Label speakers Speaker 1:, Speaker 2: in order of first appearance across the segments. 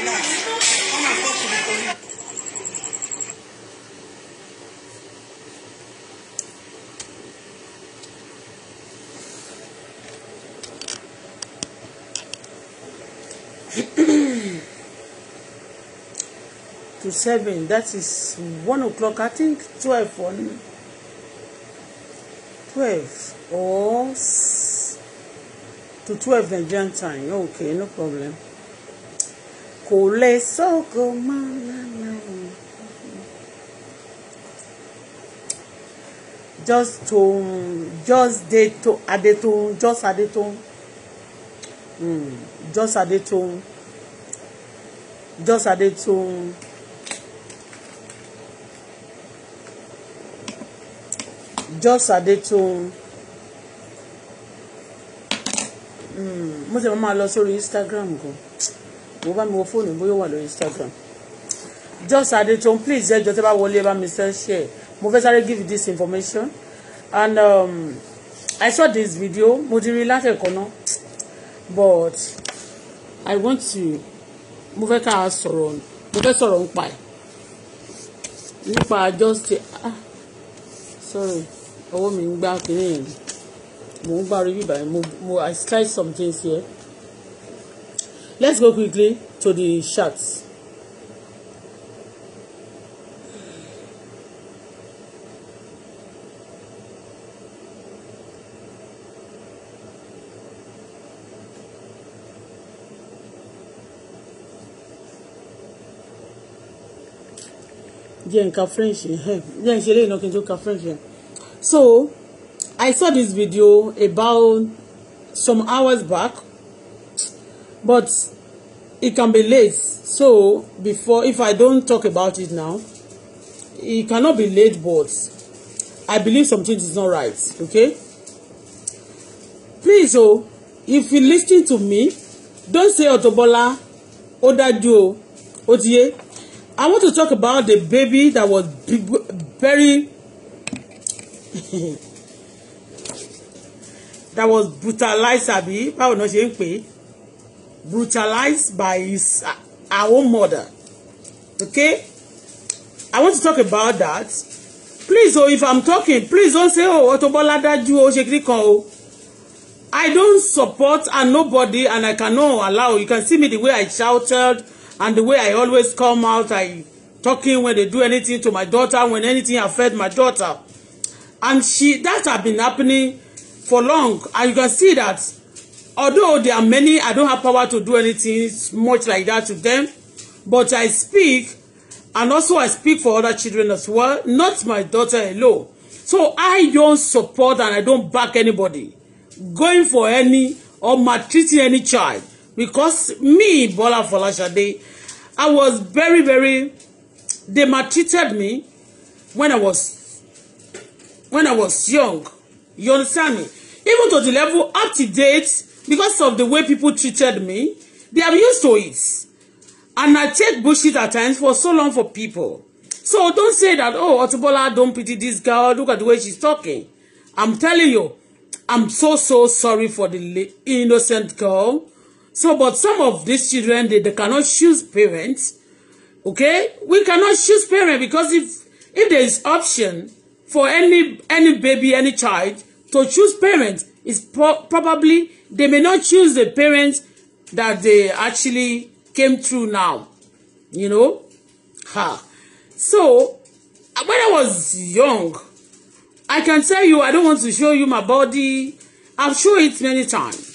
Speaker 1: to seven that is one o'clock I think twelve or twelve or to twelve Nigerian time okay no problem kò lè sógo mọ́. just to just dey to adetohun just adetohun mm, just adetohun just adetohun just adetohun mm, mo ti máa lọ sórí instagram gan mo bá mi wo fóònù bóyá wà lórí Instagram just adetun please ẹjọ tẹ bá wọlé bá mi sẹ share mo fẹ́ sáré give you this information and um, I saw this video mo ti rí látẹ̀kọ́ náà but I want to mo fẹ́ ká sọ̀rọ̀ mo fẹ́ sọ̀rọ̀ nípa ẹ̀ nípa just ah sorry ọwọ́ mi ń gbá kiri yẹn mo ń gbá orí bíbá yẹn mo I slide some things here let's go quickly to the charts. Yeah, in french Yeah, n ṣe lẹ́yìn náà french yẹn eh. so i saw this video about some hours back but it can be late so before if I don't talk about it now it cannot be late but I believe something is not right okay please o oh, if you listen to me don't say Auto Bola ó dájú o ó I want to talk about the baby that was very that was brutalized Abi, báwo náà ṣe ń pè é brutalized by his uh, our own mother. Okay? I want to talk about that. Please, oh, if I'm talking, please don't say, oh, Auto Bola dájú, oh, oh. I don't support and nobody, and I cannot allow. You can see me the way I shouted and the way I always come out. I talking when they do anything to my daughter, when anything affect my daughter. And she, that have been happening for long. And you can see that Although there are many, I don't have power to do anything much like that to them. But I speak, and also I speak for other children as well, not my daughter alone. So I don't support and I don't back anybody going for any or maltreating any child. Because me, Bola Folashade, I was very, very, they maltreated me when I was when I was young. You understand me? Even to the level up to date, because of the way people treated me, they are used to it. And I take bullshit at times for so long for people. So don't say that, oh, Otubola, don't pity this girl. Look at the way she's talking. I'm telling you, I'm so, so sorry for the innocent girl. So, but some of these children, they, they cannot choose parents. Okay? We cannot choose parents because if, if there is option for any, any baby, any child to choose parents, Is pro probably they may not choose the parents that they actually came through now. You know? Ha. So, when I was young, I can tell you, I don't want to show you my body. I've shown it many times.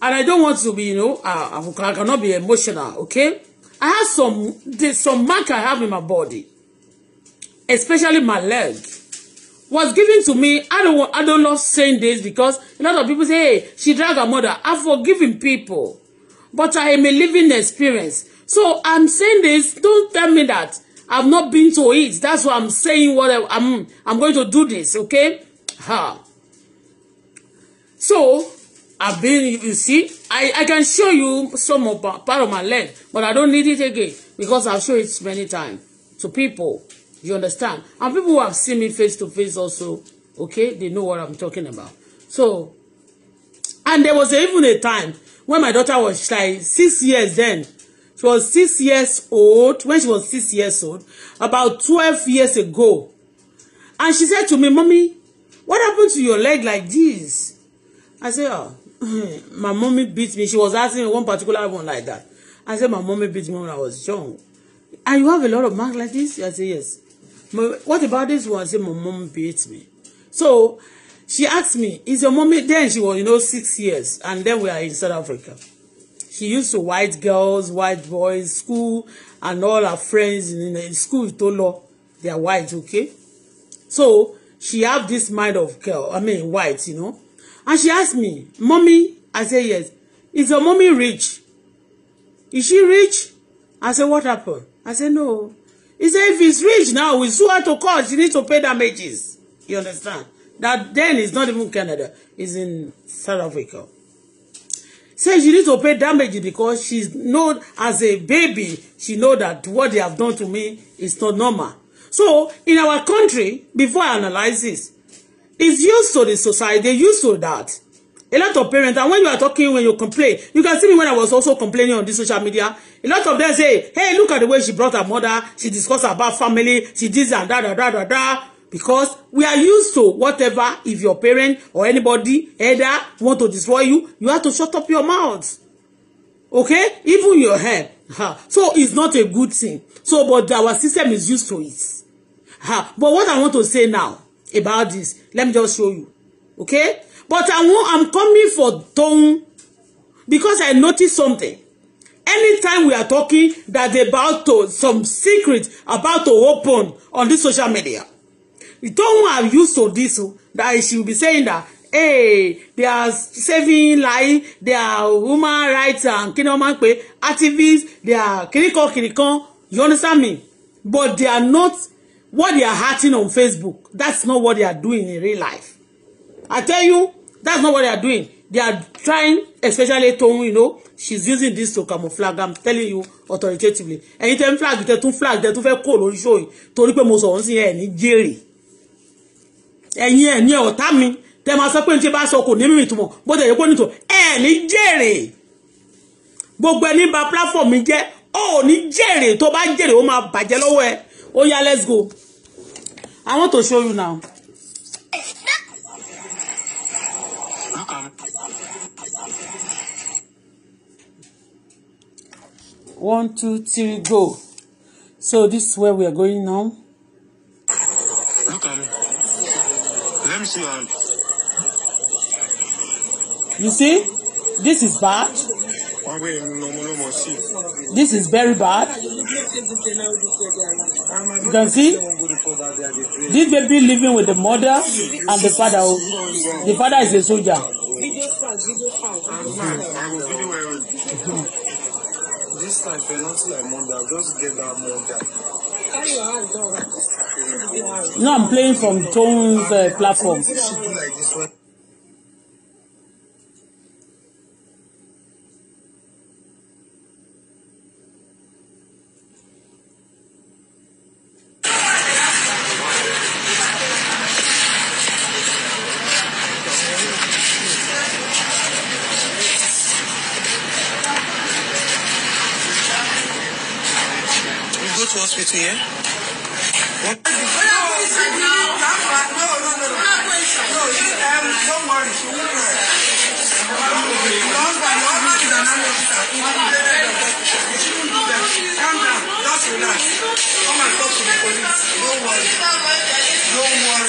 Speaker 1: And I don't want to be, you know, I, uh, uh, I cannot be emotional, okay? I have some, some mark I have in my body. Especially my leg was given to me. I don't I don't love saying this because a lot of people say, hey, she dragged her mother. I've forgiven people. But I am a living experience. So I'm saying this. Don't tell me that I've not been to it. That's why I'm saying what I, I'm, I'm going to do this, okay? Ha. So I've been you see, I, I can show you some of part of my leg, but I don't need it again because I've shown it many times to people. You understand? And people who have seen me face to face also, okay, they know what I'm talking about. So, and there was even a time when my daughter was like six years then. She was six years old, when she was six years old, about 12 years ago. And she said to me, Mommy, what happened to your leg like this? I said, oh, my mommy beat me. She was asking me one particular one like that. I said, my mommy beat me when I was young. And you have a lot of marks like this? I said, yes what about this one? Say my mom beat me. So she asked me, is your mommy, then she was, you know, six years. And then we are in South Africa. She used to white girls, white boys, school, and all her friends in, in school, Tolo, they are white, okay? So she have this mind of girl, I mean, white, you know? And she asked me, mommy, I say yes. Is your mommy rich? Is she rich? I said, what happened? I said, no. He said if he's rich now, we sue her to court, she needs to pay damages. You understand? That then is not even Canada, it's in South Africa. Says she needs to pay damages because she's known as a baby, she know that what they have done to me is not normal. So in our country, before I analyze this, it's used to the society, they used to that. A lot of parents, and when you are talking, when you complain, you can see me when I was also complaining on this social media. A lot of them say, hey, look at the way she brought her mother, she discussed about family, she did that, da da da da da." Because we are used to whatever, if your parent or anybody, either want to destroy you, you have to shut up your mouth. Okay? Even your head. So it's not a good thing. So, but our system is used to it. But what I want to say now about this, let me just show you. Okay? But I want, I'm coming for Toun because I notice something. Anytime we are talking that about to some secret about to open on this social media, The Toun are used to this that she will be saying that hey they are saving life they are human rights and kinoman pe activists they are kirikan kirikan you understand me but they are not what they are hating on Facebook that's not what they are doing in real life I tell you That's not what they are doing. They are trying, especially Toun, you know, she's using this to camouflage. I'm telling you authoritatively. Ẹ̀yin tẹ́ ń flag, tẹ́ tún flag, tẹ́ tún fẹ́ kó lórí show yìí. Torí pé mo sọ wọ́n sí ẹ̀ ní jèrè. Ẹ̀yin ẹ̀ ní ọ̀tá mi. Tẹ́ máa sọ pé ní tí bá sọ kò ní mímì túmọ̀. Bó tẹ̀ yẹ kó ní tó. Ẹ̀ ní jèrè. Gbogbo ẹni bà platform mi jẹ́. Ó ní jèrè. Tó bá jèrè, ó máa bàjẹ́ lọ́wọ́ ẹ. Ó yá, let's go. I want to show you now. one two three go so this is where we are going now. look at me let me see your hand. you see this is bad. this is very bad. you can see this baby living with the mother and the father the father is a soldier. This time, penalty like Monda. Just get that Monda. No, I'm playing from Tone's uh, platform. go to hospital yẹn.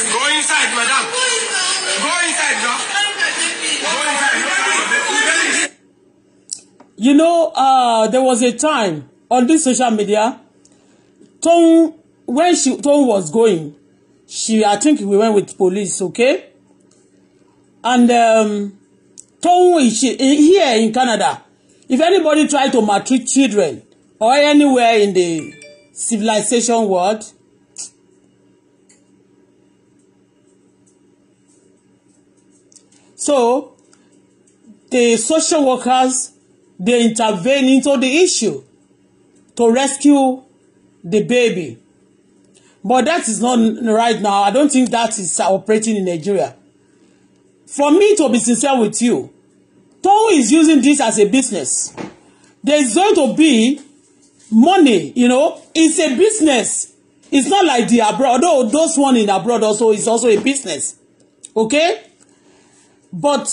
Speaker 1: Go inside, madam. Go inside, no? Go inside. You know, uh, there was a time on this social media Tohun when she Tohun was going she I think we went with police okay and um, Tohun she here in Canada if anybody try to maltreat children or anywhere in the civilization world so the social workers they intervene into the issue to rescue the baby but that is not right now I don't think that is operating in Nigeria for me to be sincere with you Toun is using this as a business there is going to be money you know it's a business it's not like the abroad although those one in abroad also is also a business okay but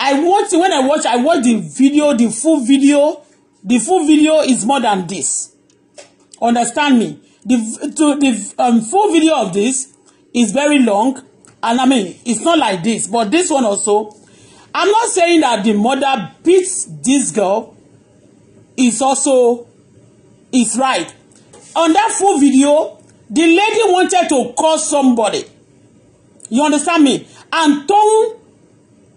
Speaker 1: I watch when I watch I watch the video the full video the full video is more than this Understand me. The to the um, full video of this is very long, and I mean it's not like this, but this one also. I'm not saying that the mother beats this girl. Is also is right. On that full video, the lady wanted to call somebody. You understand me? And Tom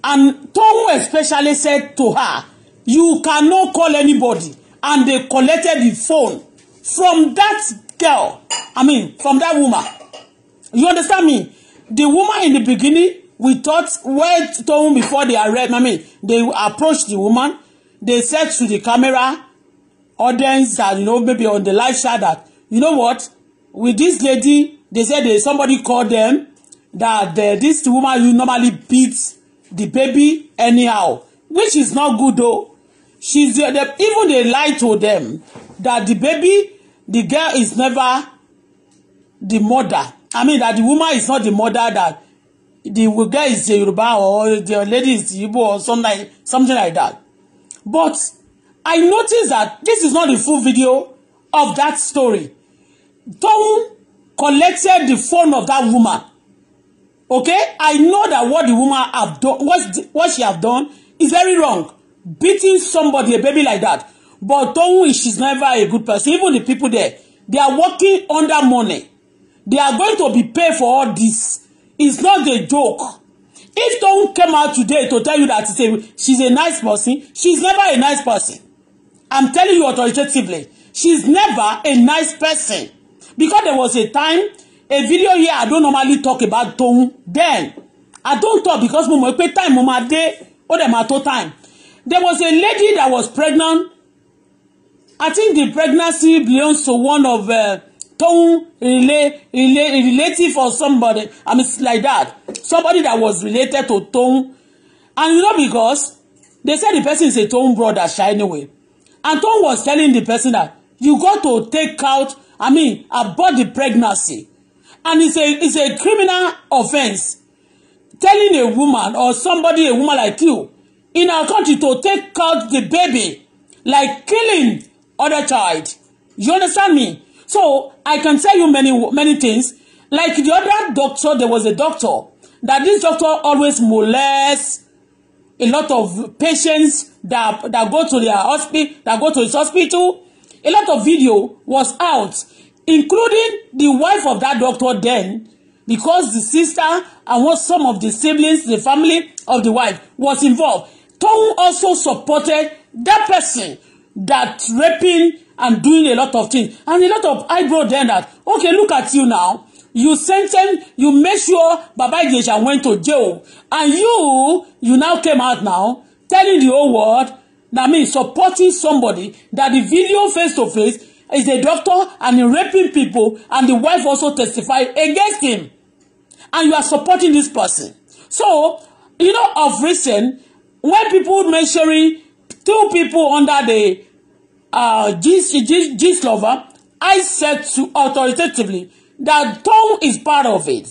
Speaker 1: and Tom especially said to her, "You cannot call anybody." And they collected the phone from that girl, I mean, from that woman. You understand me? The woman in the beginning, we thought, well, told before they arrest, I mean, they approached the woman, they said to the camera, audience, that, you know, maybe on the live show that, you know what, with this lady, they said they, somebody called them, that the, this woman you normally beats the baby anyhow, which is not good though. She's the, the, even they lie to them that the baby the girl is never the mother i mean that the woman is not the mother that the girl is a Yoruba or the lady is Igbo or something like, something like that but i notice that this is not the full video of that story Tom collected the phone of that woman okay i know that what the woman have done what, what she have done is very wrong beating somebody a baby like that But Tohun is never a good person. Even the people there, they are working under money. They are going to be paid for all this. It's not a joke. If Tohun came out today to tell you that say, she's a nice person, she's never a nice person. I'm telling you authoritatively, she's never a nice person. Because there was a time, a video here, I don't normally talk about Tohun. Then, I don't talk because mo mọ̀ pé time mo máa dé, ó dẹ̀ máa tó time. There was a lady that was pregnant I think the pregnancy belongs to one of uh, Toun relate, relate, relative or somebody. I mean, like that. Somebody that was related to Toun. And you know, because they said the person is a Toun brother, shy anyway. And Toun was telling the person that you got to take out, I mean, abort the pregnancy. And it's a, it's a criminal offence Telling a woman or somebody, a woman like you, in our country to take out the baby, like killing other child you understand me so I can tell you many many things like the other doctor there was a doctor that this doctor always molest a lot of patients that that go to their hospital that go to his hospital a lot of video was out including the wife of that doctor then because the sister and what some of the siblings the family of the wife was involved Tom also supported that person that raping and doing a lot of things and a lot of eyebrow then that okay look at you now you sentence you make sure Baba Ijesha went to jail and you you now came out now telling the whole world na me supporting somebody that the video face to face is a doctor and he raping people and the wife also testify against him and you are supporting this person so you know of recent when people measuring two people under the uh, Gis, Gis, Gislova, I said to authoritatively that tongue is part of it.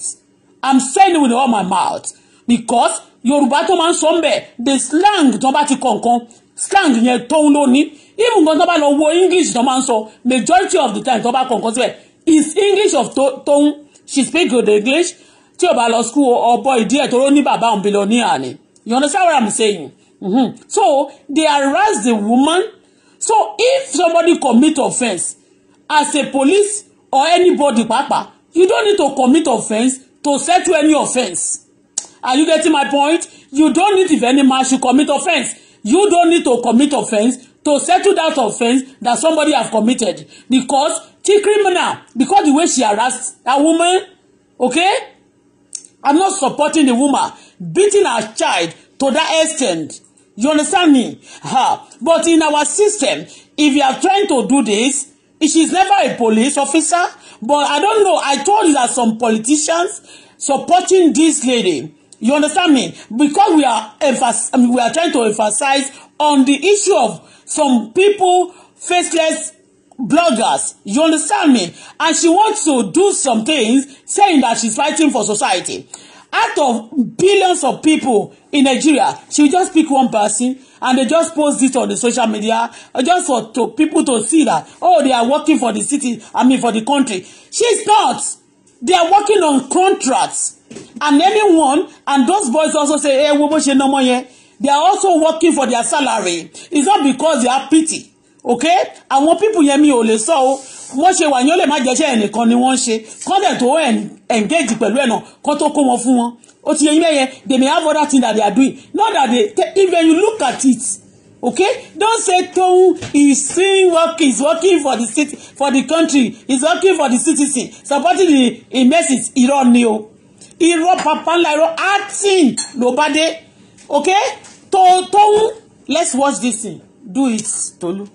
Speaker 1: I'm saying it with all my mouth because Yorùbá tó máa ń the slang to bá ti kọ̀ọ̀kan slang yẹn tongue ló ní even gan tó bá lọ wo English tó man so majority of the time to bá kọ̀ọ̀kan síbẹ̀ is English of tongue. she speak good English tí o bá lọ school ọbọ boy dear to ló ní bàbá òun billionaire ni you understand what I'm saying mm-hmm. so they harass the woman so if somebody commit offence as a police or anybody papa you don't need to commit offence to settle any offence are you getting my point you don't need if any man should commit offence you don't need to commit offence to settle that offence that somebody have committed because she criminal because the way she harassed that woman okay i'm not supporting the woman beating her child to that extent You understand me? Ha. But in our system, if you are trying to do this, is never a police officer. But I don't know. I told you that some politicians supporting this lady. You understand me? Because we are we are trying to emphasize on the issue of some people faceless bloggers. You understand me? And she wants to do some things saying that she's fighting for society out of billions of people in Nigeria she just pick one person and they just post it on the social media just for to people to see that oh they are working for the city I mean for the country she's not they are working on contracts and anyone and those boys also say hey eh, we won't ṣe nọmọ yẹn they are also working for their salary it's not because they have pity okay And àwọn people hear me, ò lè wọ́n ṣe wà ní ó lè má jẹ́ṣẹ́ ẹnìkan ni wọ́n ṣe kọ́dẹ̀ tó engage pẹ̀lú ẹ̀nà kọ́ tó kó wọn fún wọn ó ti yẹ yín lẹ́yẹ they may have other things that they are doing not that they if you look at it okay don say tohun is still working is working for the city for the country is working for the citizen supporting the immensity irọ́ ni o irọ́ papa ńlá irọ́ acting ló bá dé okay to tohun let's watch this thing do it Tolu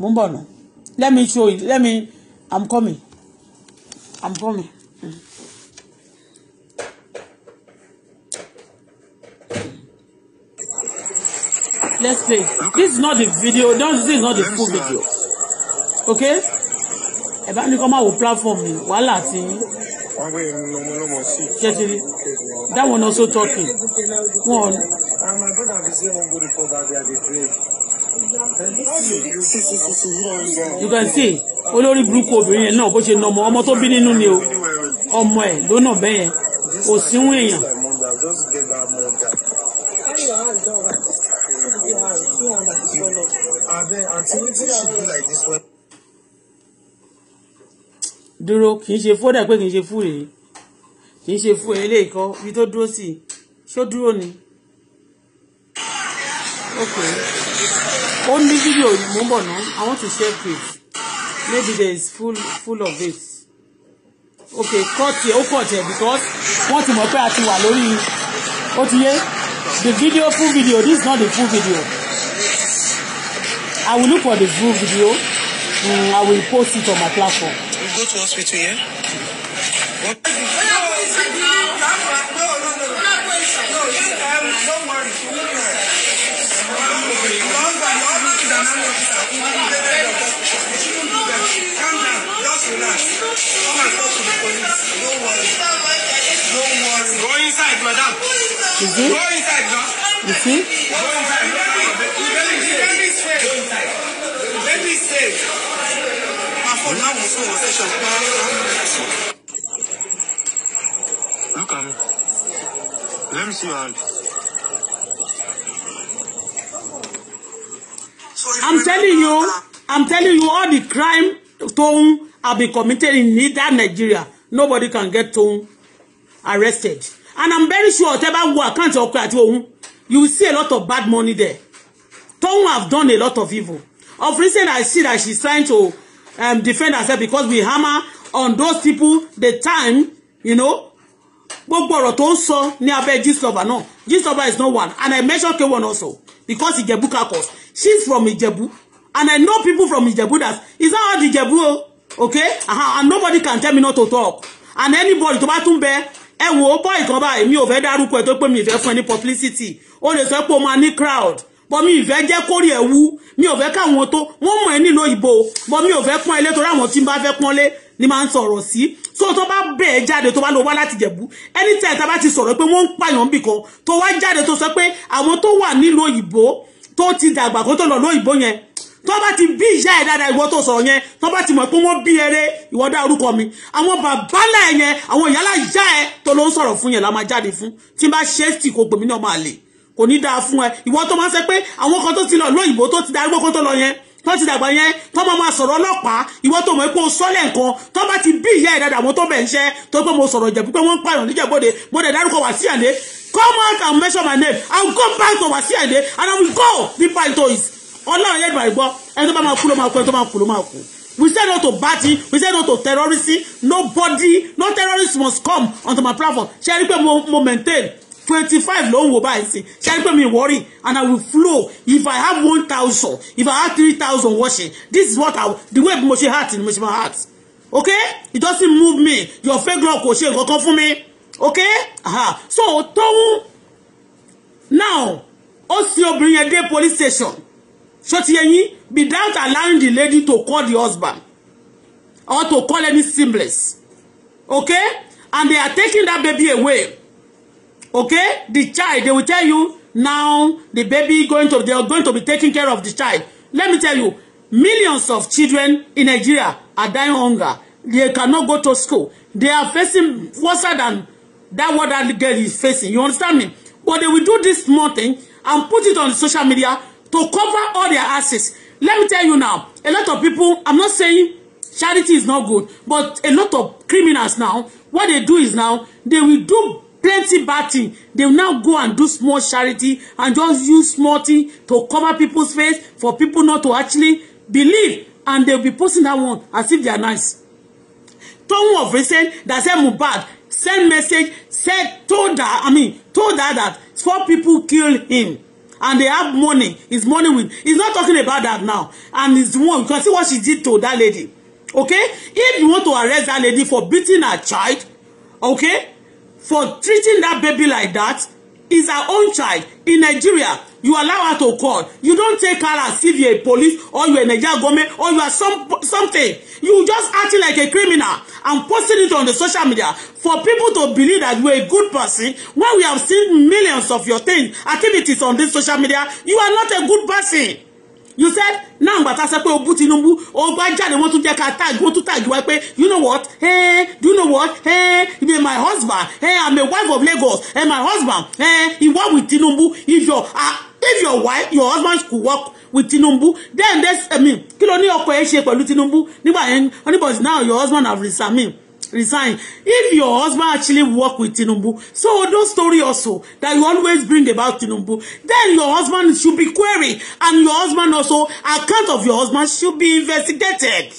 Speaker 1: mo ń bọ̀ náà let me show it let me i'm coming i'm coming. Mm. let's play this is not the video this is not the full video okay ẹ bá ní kọ́ máa wo platform mi wàhálà àti jẹjẹrẹ that one also talking one you can see olórí burúkú obìnrin yẹn náà bó ṣe nà ọmọ ọmọ tó bí nínú ni o ọmọ ẹ̀ ló nà bẹ́ẹ̀ yẹn kò síwọ̀n èèyàn. dúró kì í ṣe fódà pé kì í ṣe fún rèé kì í ṣe fún ẹ ilé ìkọ ibi tó dúró sí i ṣó dúró ni. Okay only video mo ń bọ̀ i want to share it maybe there is full full of it okay cut here, ó cut here, because wọ́n ti mọ̀ pé a ti wà lórí ti yé the video full video this is not the full video i will look for the full video mm, i will post it on my platform. you go to hospital here. Yeah? What? No, um, don't worry. Don't worry. You see? Go inside, no? You see? Go inside. Let me, let me, let me stay. Go inside. Let me stay. Look at me. Let me see your hand. telling you, I'm telling you all the crime Toun have been committed in either Nigeria. Nobody can get Toun arrested. And I'm very sure whatever go account ọkọ àti òun, you will see a lot of bad money there. Toun have done a lot of evil. Of recent, I see that she's trying to um, defend herself because we hammer on those people the time, you know, gbogbo ọ̀rọ̀ tó ń sọ ní abẹ́ gist náà gist is not one and I mention K1 also because he Ijebu Kakos She's from Ijebu. And I know people from Ijebu that is that all Ijebu? Okay? Uh-huh. And nobody can tell me not to talk. And anybody tó bá tún bẹ ẹ wò it kan báyìí mi ò fẹ́ dárúkọ ẹ̀ tó pé mi fẹ́ fún ni publicity. Ó lè sọ for ó crowd. But mi fẹ́ jẹ́ kórí ewu, mi ò fẹ́ káwọn tó wọ́n mọ̀ ẹni lo ibo. But me ò fẹ́ pọ́n ele torí àwọn tí n bá fẹ́ pọ́n lé ni máa ń sọ̀rọ̀ sí. So to bá bẹ̀ jáde tó bá lọ wá láti Jẹ̀bú. Anytime tá bá ti sọ̀rọ̀ pé wọ́n ń pààyàn bì kan tó wá jáde tó sọ pé àwọn tó wà nílùú òyìnbó tó ti dàgbà kó tó lọ lóyìnbó yẹn tó bá ti bí ìyá ẹ̀ dáadáa ìwọ tó sọ̀rọ̀ yẹn tó bá ti mọ̀ pé wọ́n bí eré ìwọ dá orúkọ mi àwọn bàbálà ẹ̀ yẹn àwọn ìyálà ìyá ẹ̀ tó ló ń sọ̀rọ̀ fún yẹn la máa jáde fún tí n bá ṣe é sì kó gbèmí náà máa lè kò ní dáa fún ẹ ìwọ tó máa ń sẹ pé àwọn kan tó ti lọ lóyìnbó tó ti darúgbó kó tó lọ yẹn tó ti dàgbà yẹn tó máa máa sọ̀rọ̀ ọlọ́pàá ìwọ tó mọ̀ pé o sọ́lẹ̀ nǹkan tó bá ti bí ìyá ẹ̀ dáadáa mo tó bẹ̀ ń ṣẹ́ tó pé mo sọ̀rọ̀ ìjẹ̀bú pé wọ́n ń pààyàn níjẹ̀bọ́dẹ mo dẹ̀ dárúkọ wà sí àlẹ́ come out and mention my name i will come back to wasi ade and i will go deeper into it ọlọ́run yẹn ìgbà ìgbọ́ ẹni tó bá máa kú ló máa kú ẹni tó máa kú ló máa kú we say no to party we say no to terrorism nobody no terrorist must come onto my platform ṣe é rí pé mo mo maintain twenty five ló ń wò báyìí sí ṣe é pé mi worry and i will flow if i have one thousand if i have three thousand washing, this is what i the way mo ṣe heart ni mo ṣe my heart okay it doesn't move me your fake love kò ṣe nǹkan kan mi okay uh-huh. so tóun now ó sin obìnrin yẹn dé police station ṣó ti yẹ without allowing the lady to call the husband or to call any siblings okay and they are taking that baby away okay the child they will tell you now the baby going to they are going to be taking care of the child let me tell you millions of children in Nigeria are dying hunger they cannot go to school they are facing worse than That what that girl is facing. You understand me? But they will do this small thing and put it on social media to cover all their asses. Let me tell you now, a lot of people, I'm not saying charity is not good, but a lot of criminals now, what they do is now, they will do plenty bad thing they will now go and do small charity and just use small thing to cover people's face for people not to actually believe and they'll be posting that one as if they are nice. Tohun of recent that said Mohbad send message said told her i mean told her that four people killed him and they have money his money with he's not talking about that now and he's the one you can see what she did to that lady okay if you want to arrest that lady for beating her child okay for treating that baby like that is her own child in Nigeria you allow her to call you don't take her as if you're a police or you're a Nigerian government or you are some something you just acting like a criminal and posting it on the social media for people to believe that you're a good person when we have seen millions of your things activities on this social media you are not a good person you said "Now gbàtà sẹ pé o bú Tinubu o gbá jáde wọ́n tún jẹ́ ká tag wọ́n tún tag wá pé you know what hey, eh, do you know what hey, eh, be my husband hey, eh, I'm a wife of Lagos hey, my husband hey, he work with Tinubu if your uh, if your wife your husband could work with Tinubu then there's I mean kí ló ní ọkọ ẹ ṣe Tinubu nígbà yẹn anybody now your husband have resigned resign if your husband actually work with Tinubu so those story also that you always bring about Tinubu then your husband should be queried and your husband also account of your husband should be investigated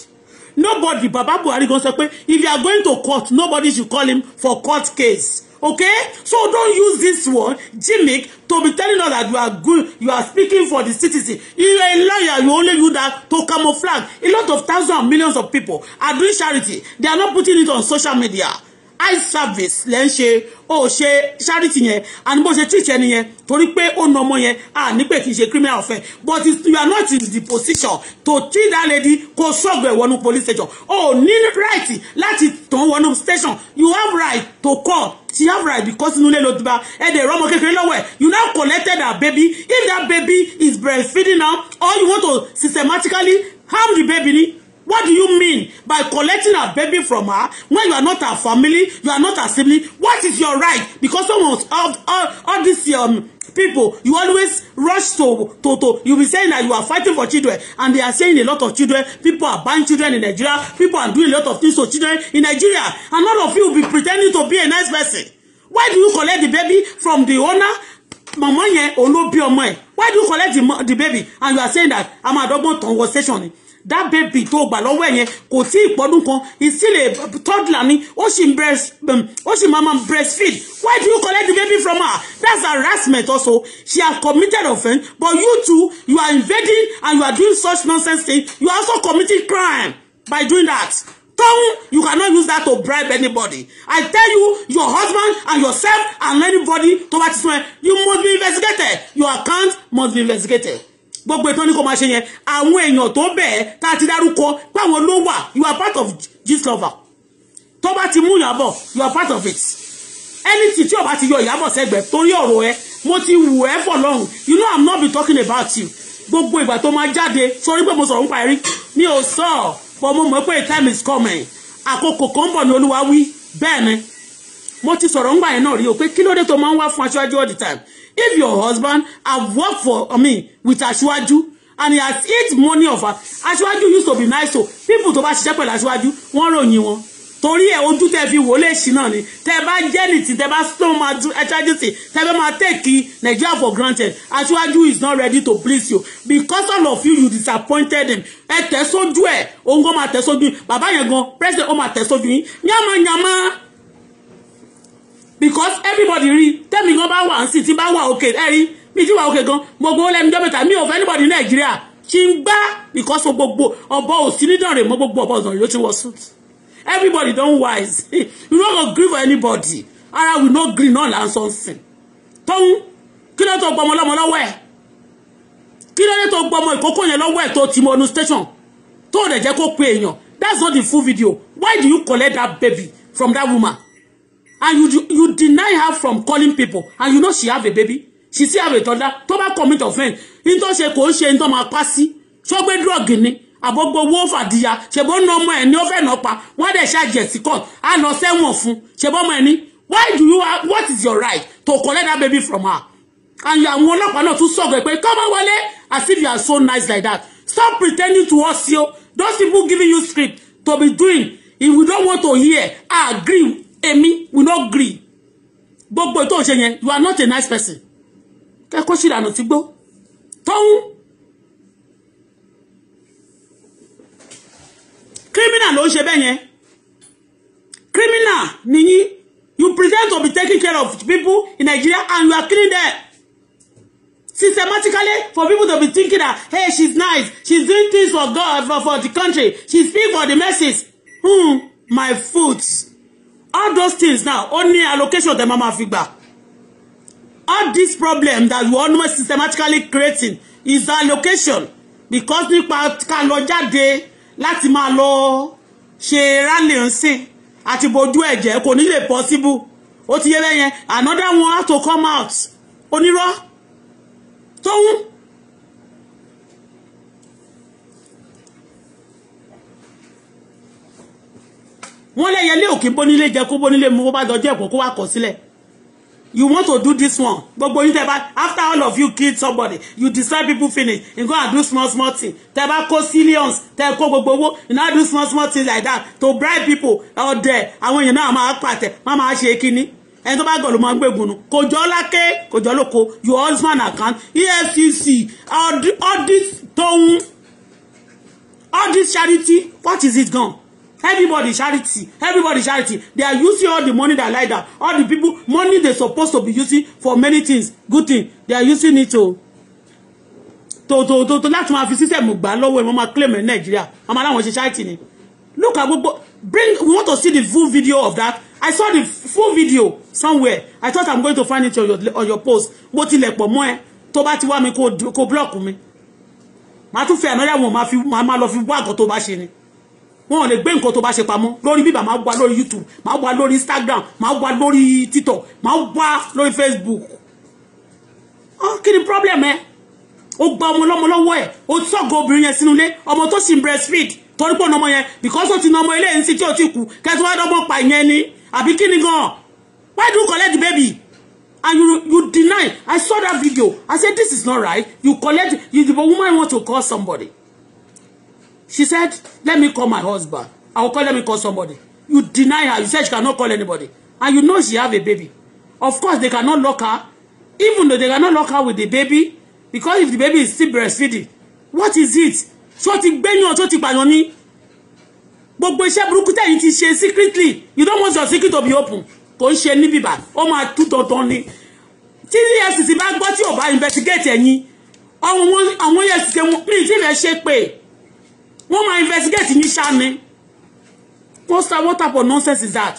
Speaker 1: nobody Baba Buhari gan sọ pé if you are going to court nobody should call him for court case Okay? So don't use this one, gimmick, to be telling us that you are good, you are speaking for the citizen. You are a lawyer, you only do that to camouflage. A lot of thousands and millions of people are doing charity. They are not putting it on social media eye service lẹ́ ń ṣe ó ṣe charity yẹn àní bó ṣe teach ẹni yẹn torí pé ó na ọmọ yẹn à ní pé kì í ṣe criminal offence but you are not in the position to treat that lady kó ṣọ́ọ̀gù ẹ̀ wọnú police station ó ní right láti tàn wọnú station you have right to call she have right because inú ilé ló ti bá ẹ dẹ̀ rọ́mọ kékeré lọ́wọ́ ẹ̀ you now collected her baby if that baby is breastfeeding now or you want to systematically harm the baby ni What do you mean by collecting her baby from her when you are not her family, you are not her sibling? What is your right? Because someone all, all, all these um, people, you always rush to, to, to, you'll be saying that you are fighting for children and they are saying a lot of children, people are buying children in Nigeria, people are doing a lot of things to children in Nigeria and all of you will be pretending to be a nice person. Why do you collect the baby from the owner? Mama yẹn or no bí ọmọ ẹ̀. Why do you collect the, the baby and you are saying that I'm a double conversation? that baby tó gbà lọ́wọ́ ẹ̀yẹn kò tí ì pọ́dún kan it's still a toddler ni ó sì breast um, ó sì mama breastfeed why do you collect the baby from her that's harassment also she has committed offense, but you too you are invading and you are doing such nonsense thing you also committing crime by doing that Tom, you cannot use that to bribe anybody I tell you your husband and yourself and anybody to bá ti you must be investigated your account must be investigated gbogbo ètò ní kò máa ṣe yẹn àwọn èèyàn tó bẹ̀ẹ́ tá a ti dárúkọ páwọn ló wà you are part of Gistlover tó bá ti mú ìyàbọ̀ you are part of it anything tí o bá ti yọ ìyàbọ̀ sẹ́gbẹ̀ẹ́ torí ọ̀rọ̀ ẹ mo ti wù ẹ́ for long you know i'm not be talking about you gbogbo ìgbà tó máa jáde sórí pé mo sọ̀rọ̀ nípa ẹ̀rí mi ò sọ ọ́ but mo mọ̀ pé time is coming àkókò kan ń bọ̀ ní olúwa wí bẹ́ẹ̀ ni mo ti sọ̀rọ̀ ńgbà yẹn náà rí o pé kí ló dé tó máa ń wá fún aṣáájú all the time If your husband have worked for, I mean, with Aṣíwájú, and he has eat money of her. Aṣíwájú used to be nice so people to bá ṣiṣẹ́ pẹ̀lú Aṣíwájú wọ́n ròyìn wọn. Torí ẹ̀ ojú tẹ́ fi wò lè ṣì náà ni tẹ́ bá jẹ́ nìtì tẹ́ bá slow máa do ẹ̀ṣájúsì tẹ́ bá máa take Nigeria for granted Aṣíwájú is not ready to please you because all of you you disappointed him ẹ tẹ́ sójú ẹ̀ òun gan máa tẹ́ sójú yín bàbá yẹn gan president ó máa tẹ́ sójú yín yàmá yàmá because everybody rí tẹ́mi gan bá wà sí ti bá wà òkè ẹ rí mi ti wà òkè gan gbogbo lẹ́nu jọ́mẹ́ta mi ò fẹ́ anybody ní nàìjíríà ti ń gbá because of gbogbo ọ̀bọ òsì nídànrè mọ́ gbogbo ọ̀bọ ọ̀sán yóò ti wọ suit everybody don wise you no go gree for anybody ara we no gree náà là ń sọ sí tóun kí ló tó gbọmọ lọmọ lọ́wọ́ ẹ̀ kí ló dé tó gbọmọ ìkókó yẹn lọ́wọ́ ẹ̀ tó ti mọ ọnu station tó dẹ̀ jẹ́ kó pe èèyàn that's not the full video why do you collect that baby from that woman and you, you deny her from calling people and you know she have a baby she still have a daughter. tó bá commit offence ní tó ṣe kò ń ṣe ní tó máa pa sí sọgbẹ́ drug ni àbọ̀gbọ̀wọ́ fàdíyà ṣèbó na ọmọ ẹ̀ ní ó fẹ́ nà pa wọ́n dẹ̀ ṣàjẹ̀ sí court á lọ sẹ́wọ̀n fún ṣèbó ọmọ ẹ̀ ní why do you have what is your right to collect that baby from her and àwọn ọlọ́pàá náà tún sọ̀rọ̀ pé kọ́ máa wọlé as if you are so nice like that stop pretending to us yo those people giving you script to be doing if we don't want to hear I agree èmi will not gree gbogbo tó ṣe yẹn you are not a nice person kẹ́kọ̀ọ́ sí ìlànà tí gbó tóun criminal ló ń ṣe bẹ́ẹ̀ yẹn criminal nìyí you pretend to be taking care of people in Nigeria and you are killing them systematically for people to be thinking that hey she's nice she's doing things for God for, for the country she's speak for the masses hmm my foot all those things now only allocation tẹ́ máa ma fi all this problem that you almost systematically creating is allocation because nípa ká lọ jáde láti máa lọ ṣe rally nsìn àti bojú ẹ̀jẹ̀ kò ní lè possible ó ti yé bẹ́yẹn another one has to come out onírọ́ tóun wọ́n lẹ́yẹ lé òkè bónílé jẹ kó bónílé mu bó bá dọjọ́ ẹ̀kọ́ kó wá kọ̀ sílẹ̀ you want to do this one gbogbo yín tẹ́ bá after all of you kill somebody you decide people finish you go and do small small thing tẹ́ bá kó millions tẹ́ kó gbogbo owó you now do small small things like that to bribe people out there àwọn èèyàn náà máa pàtẹ máa máa ṣe kínní ẹni tó bá gọ̀ ló máa ń gbégun ko. kò jọ lákè kò jọ lóko your husband account EFCC audit all this charity what is it gone? everybody charity everybody charity they are using all the money that lie down all the people money they supposed to be using for many things good thing they are using it to to to to, to láti máa fi sísẹ̀ mú gbà lọ́wọ́ ẹ̀ claim ẹ̀ Nigeria. wọ́n máa láwọn ṣe charity ni look at gbogbo bring we want to see the full video of that I saw the full video somewhere I thought I'm going to find it on your on your post mo tilẹ̀ pọ̀ mọ́ ẹ tó bá ti wá mi kó kó block mi màá tún fẹ́ ànáyà wọn màá fi màá lọ fi wá àgọ́ tó bá ṣe ni wọn ò lè gbé nǹkan tó bá ṣe pamọ́ lórí bíbà máa wá lórí youtube máa wá lórí instagram máa wá lórí tiktok máa wá lórí facebook oh, kí ni problem ẹ o gba ọmọ ọlọ́mọ lọ́wọ́ ẹ o sọgọ obìnrin yẹn sínú ilé ọmọ tó sì ń breastfeed torí pọ̀ nọmọ yẹn because o ti nọmọ ilé yìí sí tí o ti kú kẹtù wá dọ́gbọ́n pa ìyẹn ni àbí kí ni gan why do you collect the baby and you you deny i saw that video i said this is not right you collect you the woman want to call somebody She said, let me call my husband. I will call, let me call somebody. You deny her. You said she cannot call anybody. And you know she have a baby. Of course, they cannot lock her. Even though they cannot lock her with the baby, because if the baby is still breastfeeding, what is it? So ti gbẹ́yàn tó ti pàyàn ní. Gbogbo iṣẹ́ burúkú tẹ̀yìn ti ṣe secretly. You don't want your secret to be open. Kò ń ṣe ní bíbà. Ó máa tú dandan ni. Tí EFCC bá gbọ́ tí ò bá investigate ẹ̀yin, àwọn EFCC wọn ní e ìtìfẹ́ ṣe pé wọ́n máa investigate ní sani poster what type of nonsense is that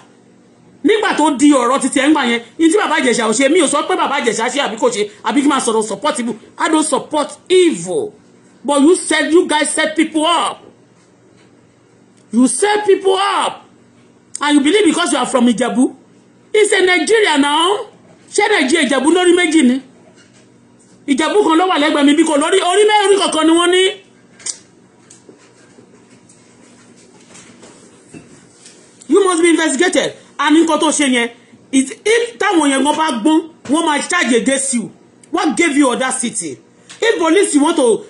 Speaker 1: nígbà tó di ọ̀rọ̀ títí ẹ̀ ń gbà yẹn ní tí bàbá ìjẹ̀ṣà ò ṣe mí ò sọ pé bàbá ìjẹ̀ṣà ṣe àbí kò ṣe àbí kí n máa sọ̀rọ̀ support ibu I don't support evil but you set you guys set people up you set people up and you believe because you are from Ijebu it's a Nigeria now ṣé Nigeria Ìjẹ̀bú lórí méjì ni Ìjẹ̀bú kan ló wà lẹ́gbẹ̀ẹ́ mi bí kò lórí orí mẹ́rin kankan ni wọ́n ní. you must be investigated and nǹkan tó ṣe yẹn if táwọn yẹn gan bá gbọ́n wọ́n máa charge against you what gave you audacity if police you want to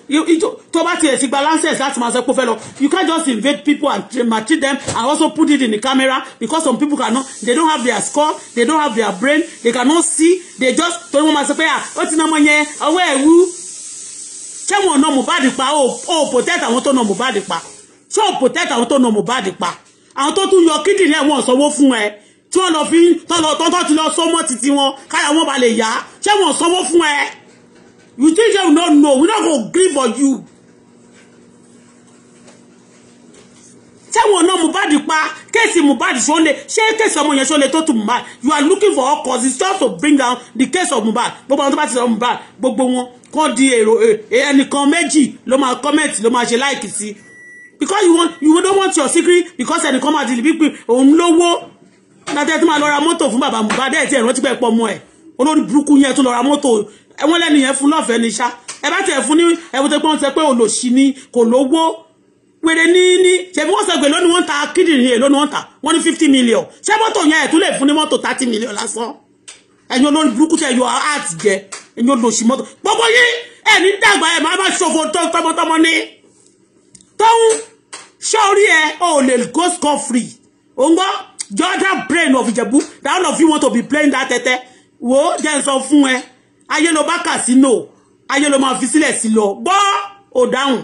Speaker 1: tó bá tiẹ̀ ti gba license láti máa sọ pé fẹ́ lọ you can't just invade people and maltreat them and also put it in the camera because some people cannot they don't have their skull they don't have their brain they cannot see they just torí wọn máa sọ pé ah ó ti ná ọmọ yẹn ọwọ́ ẹ̀ wú ṣé wọn ò ná Mohbad pa ó protect àwọn tó ná Mohbad pa ṣé protect àwọn tó ná Mohbad pa àwọn tó tún yọ kíndìnrín ẹ̀ sanwó fún ẹ tí wọ́n lọ fi tọ́tọ́ ti lọ sọ́mọ́ títí wọn káyà wọn bá lè yá ṣé wọ́n sanwó fún ẹ you think them no know we no go gree for you. sẹ́wọ̀n náà Mohbad pa kéèsì Mohbad ṣọlẹ̀ ṣé kéèsì ọmọ yẹn ṣọlẹ̀ tó tù Mohbad you are looking for all causes just to bring down the case of Mohbad gbogbo àwọn tó bá ti sọ Mohbad gbogbo wọn kàn di èrò ẹnìkan méjì ló máa comment ló máa ṣe like sí because you want you don't want your secret because ẹnìkan máa dìlì pípé òun lówó dájẹ́ tó máa lọ ra mọ́tò fún bàbá mùbá dẹ́ẹ̀ tí ẹ̀rọ ti pẹ́ pọ̀ mọ́ ẹ̀ olórí burúkú yẹn tó lọ ra mọ́tò ẹ̀wọ́n lẹ́nu yẹn fún lọ́fẹ̀ẹ́ ní sá ẹ bá tiẹ̀ fún ní ẹ̀wọ́n tó pọ́n ti pé olòṣì ni kò lówó péré ní ní ṣèbí wọ́n sọ pé lónìí wọ́n ta kíndìnrín èlò ni wọ́n ta wọ́n ní fifty million ṣé mọ́tò yẹn ẹ̀ tún lè fún ní mọ́tò thirty million lásán ẹ̀yin olórí burúkú tẹ̀ yọ art jẹ ẹ̀yin olòṣì mọ́tò gbogbo yín ẹ̀ ní dàgbà ẹ̀ máa bá ṣòfò tọmọtọmọ ni tóun sọ́ọ́rí ẹ o lè go score free o ń gbọ́ jordan brain of ìjẹ̀bú that one of you want to be playing that tẹ́tẹ́ wo jẹ́ sọ fún ẹ ayé ló bá kà sí no ayé ló máa fi sílẹ̀ sí lọ gbọ́ ò dáhùn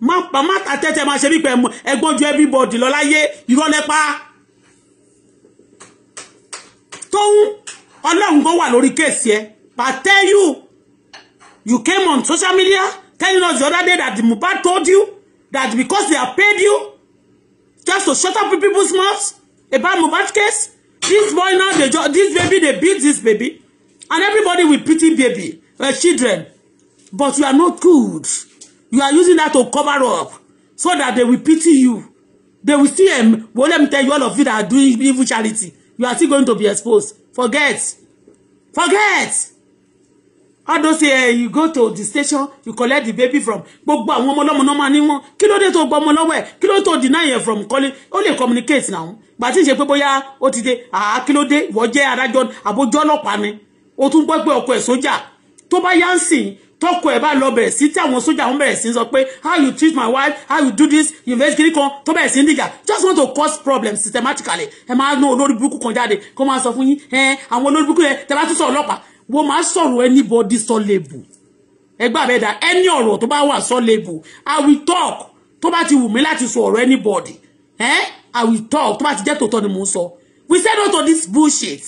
Speaker 1: má pa má ta tẹ́tẹ́ máa ṣe wípé ẹgbọ́n ju everybody lọ láyé irọ́ lẹ́pa tóun ọlọ́run kan wà lórí kéèsì ẹ but tell you you came on social media telling us the other day that the Mohbad told you that because they have paid you just to shut up people's mouths about Mohbad case this boy now they just this baby they beat this baby and everybody will pity baby uh, children but you are not good you are using that to cover up so that they will pity you they will see him. Um, well let me tell you all of you that are doing evil charity you are still going to be exposed forget forget all those say eh, you go to the station you collect the baby from gbogbo àwọn ọmọ ọlọ́mọ náà máa ní wọn kí ló dé tó gbọ́ ọmọ lọ́wọ́ kí ló tó deny ẹ̀ from calling ó lè communicate now gbàtí ìṣe pé bóyá ó ti dé àá kí ló dé ìwọ jẹ́ adájọ́ àbójọ́ ọlọ́pàá ni ó tún gbọ́ pé ọkọ ẹ̀ sójà tó bá yá ń sìn tọkọ ẹ̀ bá lọ bẹ̀rẹ̀ sí tí àwọn sójà wọn bẹ̀rẹ̀ sí sọ pé how you treat my wife how you do this you vex kiri kan tó bẹ̀rẹ̀ sí ń just want to cause problems systematically ẹ máa ná olórí burúkú kan jáde kó máa sọ fún yín ẹ àwọn olórí burúkú yẹn tẹ bá tún sọ ọlọ́pàá wo máa sọ̀rọ̀ anybody soluble ẹgbẹ́ àbẹ́dà ẹni ọ̀rọ̀ tó bá wà soluble i will talk tó bá ti wù mí láti sọ ọ̀rọ̀ anybody eh? i will talk tó bá ti jẹ́ tòótọ́ ni mò ń sọ we said no to this bullshit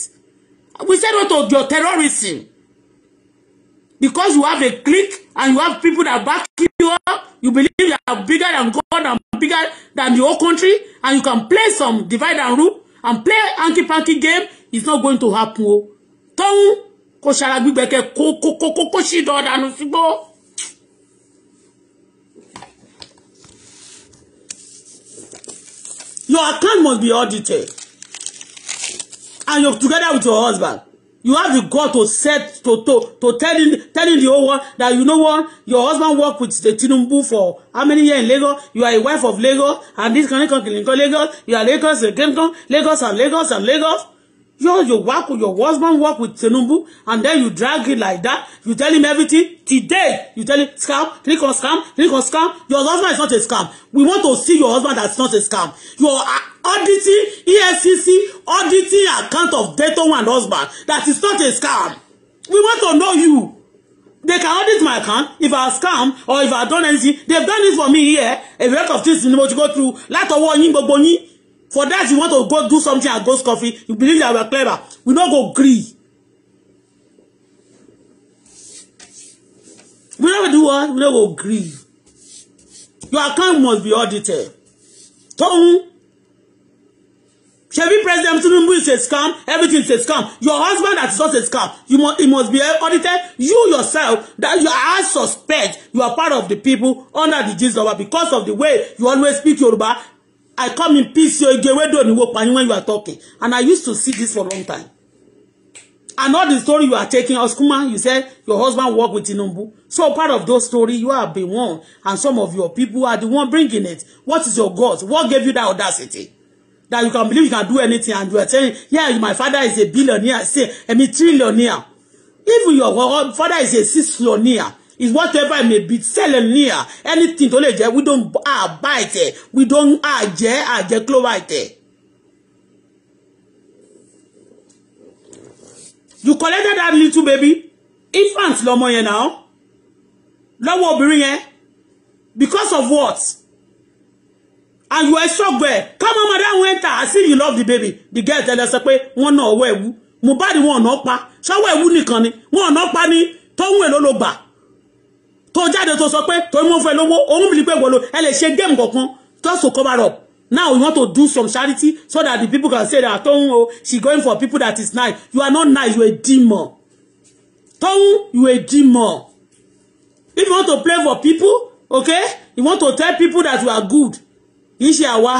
Speaker 1: we said no to your terrorism because you have a clique and you have people that back you up you believe you are bigger than God and bigger than the whole country and you can play some divide and rule and play hanky panky game it's not going to happen o oh. tóun kó ṣara gbígbẹ kẹ kó kó kó kó kó ṣì dán dànù sígbó. Your account must be audited and you're together with your husband you have the God to set to to to tell telling the whole world that you know what your husband work with the Tinubu for how many years in Lagos you are a wife of Lagos and this kind of country Lagos you are Lagos again Lagos and Lagos and Lagos. You your work with your husband work with Tinubu and then you drag it like that. You tell him everything. Today you tell him scam, click on scam, click on scam. Your husband is not a scam. We want to see your husband that's not a scam. Your uh, auditing ESCC auditing account of Dayton one husband that is not a scam. We want to know you. They can audit my account if I scam or if I done anything. They've done it for me here. A record of this you know to go through. Látọwọ́ yín gbogbo yín. For that, you want to go do something at Ghost Coffee. You believe that we're clever. We not go agree. We never do what? We never agree. Your account must be audited. Tohun. Shebi President Tinubu is a scam. Everything is a scam. Your husband that is not a scam. You must, it must be audited. You yourself, that you are suspect. You are part of the people under the Jesus Yoruba because of the way you always speak Yoruba. I come in peace. You Igewedo ni wo pani when you are talking. And I used to see this for a long time. And all the story you are taking, Oskuma, you said your husband worked with Tinubu. So part of those story, you have been one. And some of your people are the one bringing it. What is your God? What gave you that audacity? That you can believe you can do anything and you are telling, yeah, my father is a billionaire, say, I mean trillionaire. Even your uh, father is a six trillionaire. Is whatever may be, selling near, anything tó lè we don't ah, buy it, we don't ah, jẹ́, ah, jẹ́, chloride. You collected that little baby, infant lọ́mọ yẹn now, lọ́wọ́ obìnrin yẹn, because of what? and you are shock there come on madam enter i see you love the baby the girl tell us pé wọ́n náà ọwọ́ ewu Mohbad wọ́n náà pa ṣọwọ́ ewu nìkan ni wọ́n náà pa ni tó hun èlò ló gbà tó jáde to sọ pé tó mú fẹ́ lówó òun bìlí pé wọ̀lò ẹ lè ṣe géèmù kankan just to cover up now you want to do some charity so that the people can say that Tohun o she going for people that is nice you are not nice you a demon Tohun you a demon if you want to play for people okay you want to tell people that you are good kì awa ṣe àwa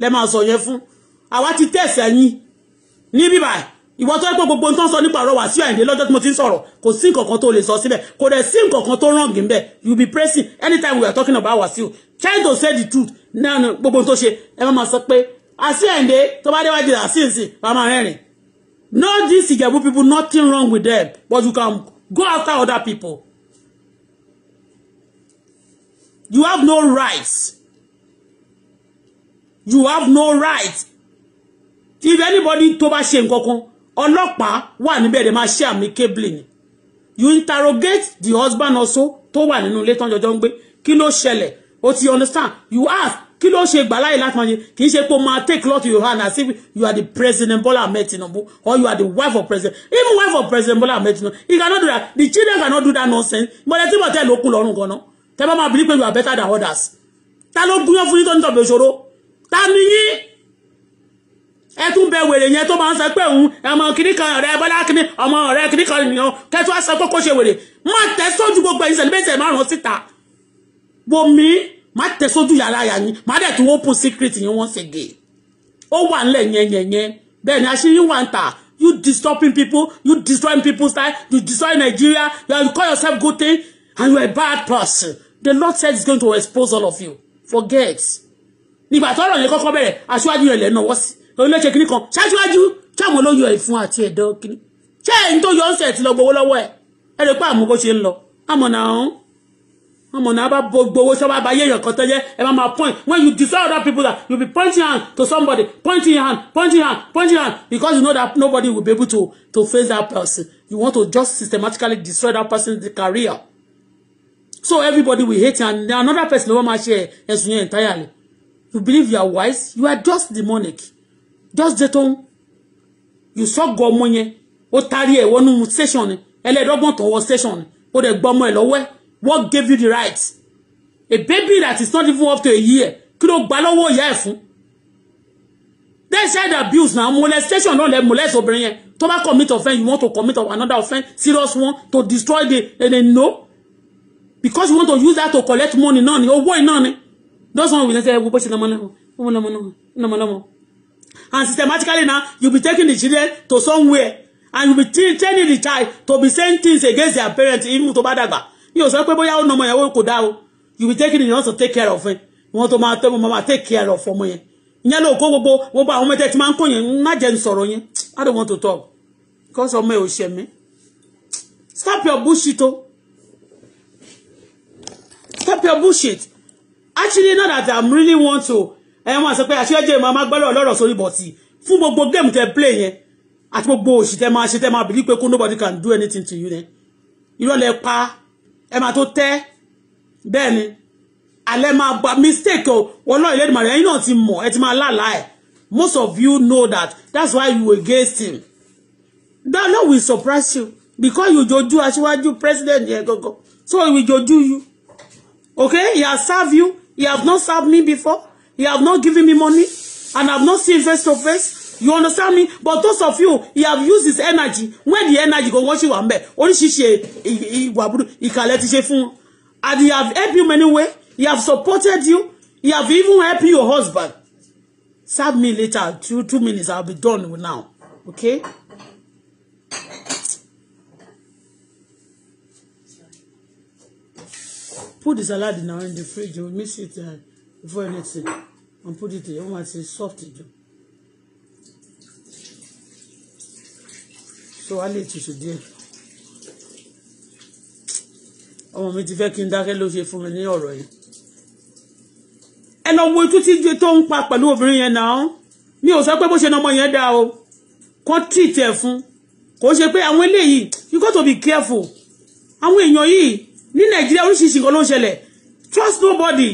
Speaker 1: lè máa sọ yẹn fún àwa ti tẹ̀sẹ̀ yín ní ìwọ tó yẹ pé gbogbo nǹkan sọ nípa ọ̀rọ̀ wá sí àyìndé lọ́jọ́ tí mo ti ń sọ̀rọ̀ kò sí nǹkan kan tó lè sọ síbẹ̀ kò dẹ̀ sí nǹkan tó ràn gí you be pressing. anytime we are talking about Wasiu try to say the truth náà ni gbogbo tó ṣe ẹ má máa sọ pé àsí àyìndé tó bá déwájú rẹ̀ àsí ìsìn wàá máa rẹ́rìn no this Ìjẹ̀bú people nothing wrong with them but you can go after other people you have no rights you have no rights if anybody tó bá ṣe nǹkan kan ọlọ́pàá wà níbẹ̀ dẹ̀ máa ṣe àmì kébìlì cabling. you interrogate the husband also tó wà nínú ilé tán jọjọ ń gbé kí ló ṣẹlẹ̀ o ti understand you ask kí ló ṣe gbà láyè láti máa ṣe kì í ṣe take lot your hand as if you are the president Bola Metinobu, or you are the wife of president even wife of president Bola Metinobu. Tinubu he cannot do that the children cannot do that nonsense mọ̀lẹ́ tí bọ̀tẹ́ ló kún lọ́rùn gan-an tẹ́ bá máa believe pé you are better than others ta ló gúnyán fún yín tó ń Be òṣòro ta ni yín ẹ tún bẹ wèrè yẹn tó máa ń sọ pé òun ọmọ kìnnì kan ọ̀rẹ́ bọ́lá kìnnì ọmọ ọ̀rẹ́ kìnnì kan nìyàn kẹtù àṣà kókó ṣe wèrè má tẹ sójú gbogbo ẹ̀yin sẹlẹbẹsẹ márùn síta bomi má tẹ sójú yàrá yà yín má dẹ̀ tún open secret yín wọ́n ṣe gè ó wà ńlẹ̀ yẹn yẹn yẹn bẹ́ẹ̀ ni àṣírí wà ń tà you disturbing people you destroying people's life you destroy Nigeria you, call yourself good thing and you are a bad person the Lord said he's going to expose all of you forget nígbà tọ́rọ̀ yẹn kọ́kọ́ bẹ̀rẹ̀ aṣáájú rẹ̀ lẹ́nu ọwọ́ sí olóṣè kìnnì kan ṣáṣíwájú ṣáwọn olóyò ìfun àti ẹ̀dọ̀ kìnnì ṣé ẹni tó yọ ọ̀sẹ̀ ti lọ gbowó lọ́wọ́ ẹ̀ ẹ rẹ̀ pé àmú bó ṣe ń lọ àmọ̀nà ọ̀hún àmọ̀nà bá gbowó sọ́wọ́ àbáyé èèyàn kan tẹ́yẹ ẹ máa point when you desire other people that you be pointing hand to somebody pointing hand pointing hand pointing hand because you know that nobody will be able to to face that person you want to just systematically destroy that person's career so everybody will hate and another person ló wọ́n máa ṣe ẹ̀sùn yẹn entirely you believe you are wise you are just demonic just dé tó ń you sọ́gọ̀ ọmọ yẹn ó tarí ẹ̀ wọnú station ni ẹlẹ́dọ́gbọ̀n tó wọ station ni ó dẹ̀ gbọ́ ọmọ ẹ̀ lọ́wọ́ what gave you the right a baby that is not even up to a year kí ló gbà lọ́wọ́ ìyá ẹ̀ fún they said abuse na molestation no le molest obìnrin yẹn tó bá commit offense you want to commit another offense serious one to destroy the and eh, then no because you want to use that to collect money náà ni owó iná ni those one will say eh, wo bó ṣe lọmọ náà ọmọ lọmọ náà ọmọ lọmọ and systematically now you be taking the children to somewhere and you be training the child to be saying things against their parents even tó bá dàgbà mi ò sọ pé bóyá ó nà ọmọ yẹn kò dá o you be taking it you to take care of it you want to ma tẹ́ ọmọ take care of ọmọ yẹn ìyẹn ló kó gbogbo gbogbo àwọn mẹ́tẹ̀ẹ̀tì máa ń kó yẹn má jẹ́ n sọ̀rọ̀ yẹn I don't want to talk because ọmọ ẹ̀ ò ṣẹ̀ stop your bullshit o oh. stop your bullshit actually not that I really want to ẹ wọn sọ pé àṣẹjẹ máa má gbọ́dọ̀ lọ́rọ̀ sórí bọ̀tì fún gbogbo géèmù tẹ play yẹn àti gbogbo òṣì tẹ máa ṣe tẹ máa bìlí pé kó nobody can do anything to you then irọ́ lẹ pa ẹ máa tó tẹ́ bẹ́ẹ̀ ni alẹ́ máa gba mistake o ọlọ́run ilé ìdìmọ̀ rẹ̀ ẹ̀yin náà ti mọ̀ ẹ ti máa láàlá ẹ̀ most of you know that that's why you against him that law will surprise you because you jojú aṣíwájú president yẹn gangan so he will jojú you okay he has served you he has not served me before He have not given me money and I have not seen face to face. You understand me? But those of you, he have used his energy. When the energy go wash you ambe. Oríṣiríṣi ìwà burú ìkàlẹ̀ ti ṣe fún. And he have helped you many way. He have supported you. He have even helped your husband. Serve me later. Two, two minutes. I'll be done now. Okay? Put the salad now in the fridge. You'll miss it uh, before anything and put it there wọ́n máa ti soft jù so wá lè tutù díẹ̀ ọmọ mi ti fẹ́ kí n dákẹ́ ló ṣe fún mi ní ọ̀rọ̀ yìí ẹ lọ wo etú tí tó ń pa pẹ̀lú obìnrin yẹn náà mi ò sọ pé bó ṣe na ọmọ yẹn dá o kàn treat ẹ̀ fún kò ṣe pé àwọn eléyìí you got to be careful àwọn èèyàn yìí ní nàìjíríà oríṣiríṣi nǹkan ló ń ṣẹlẹ̀ trust nobody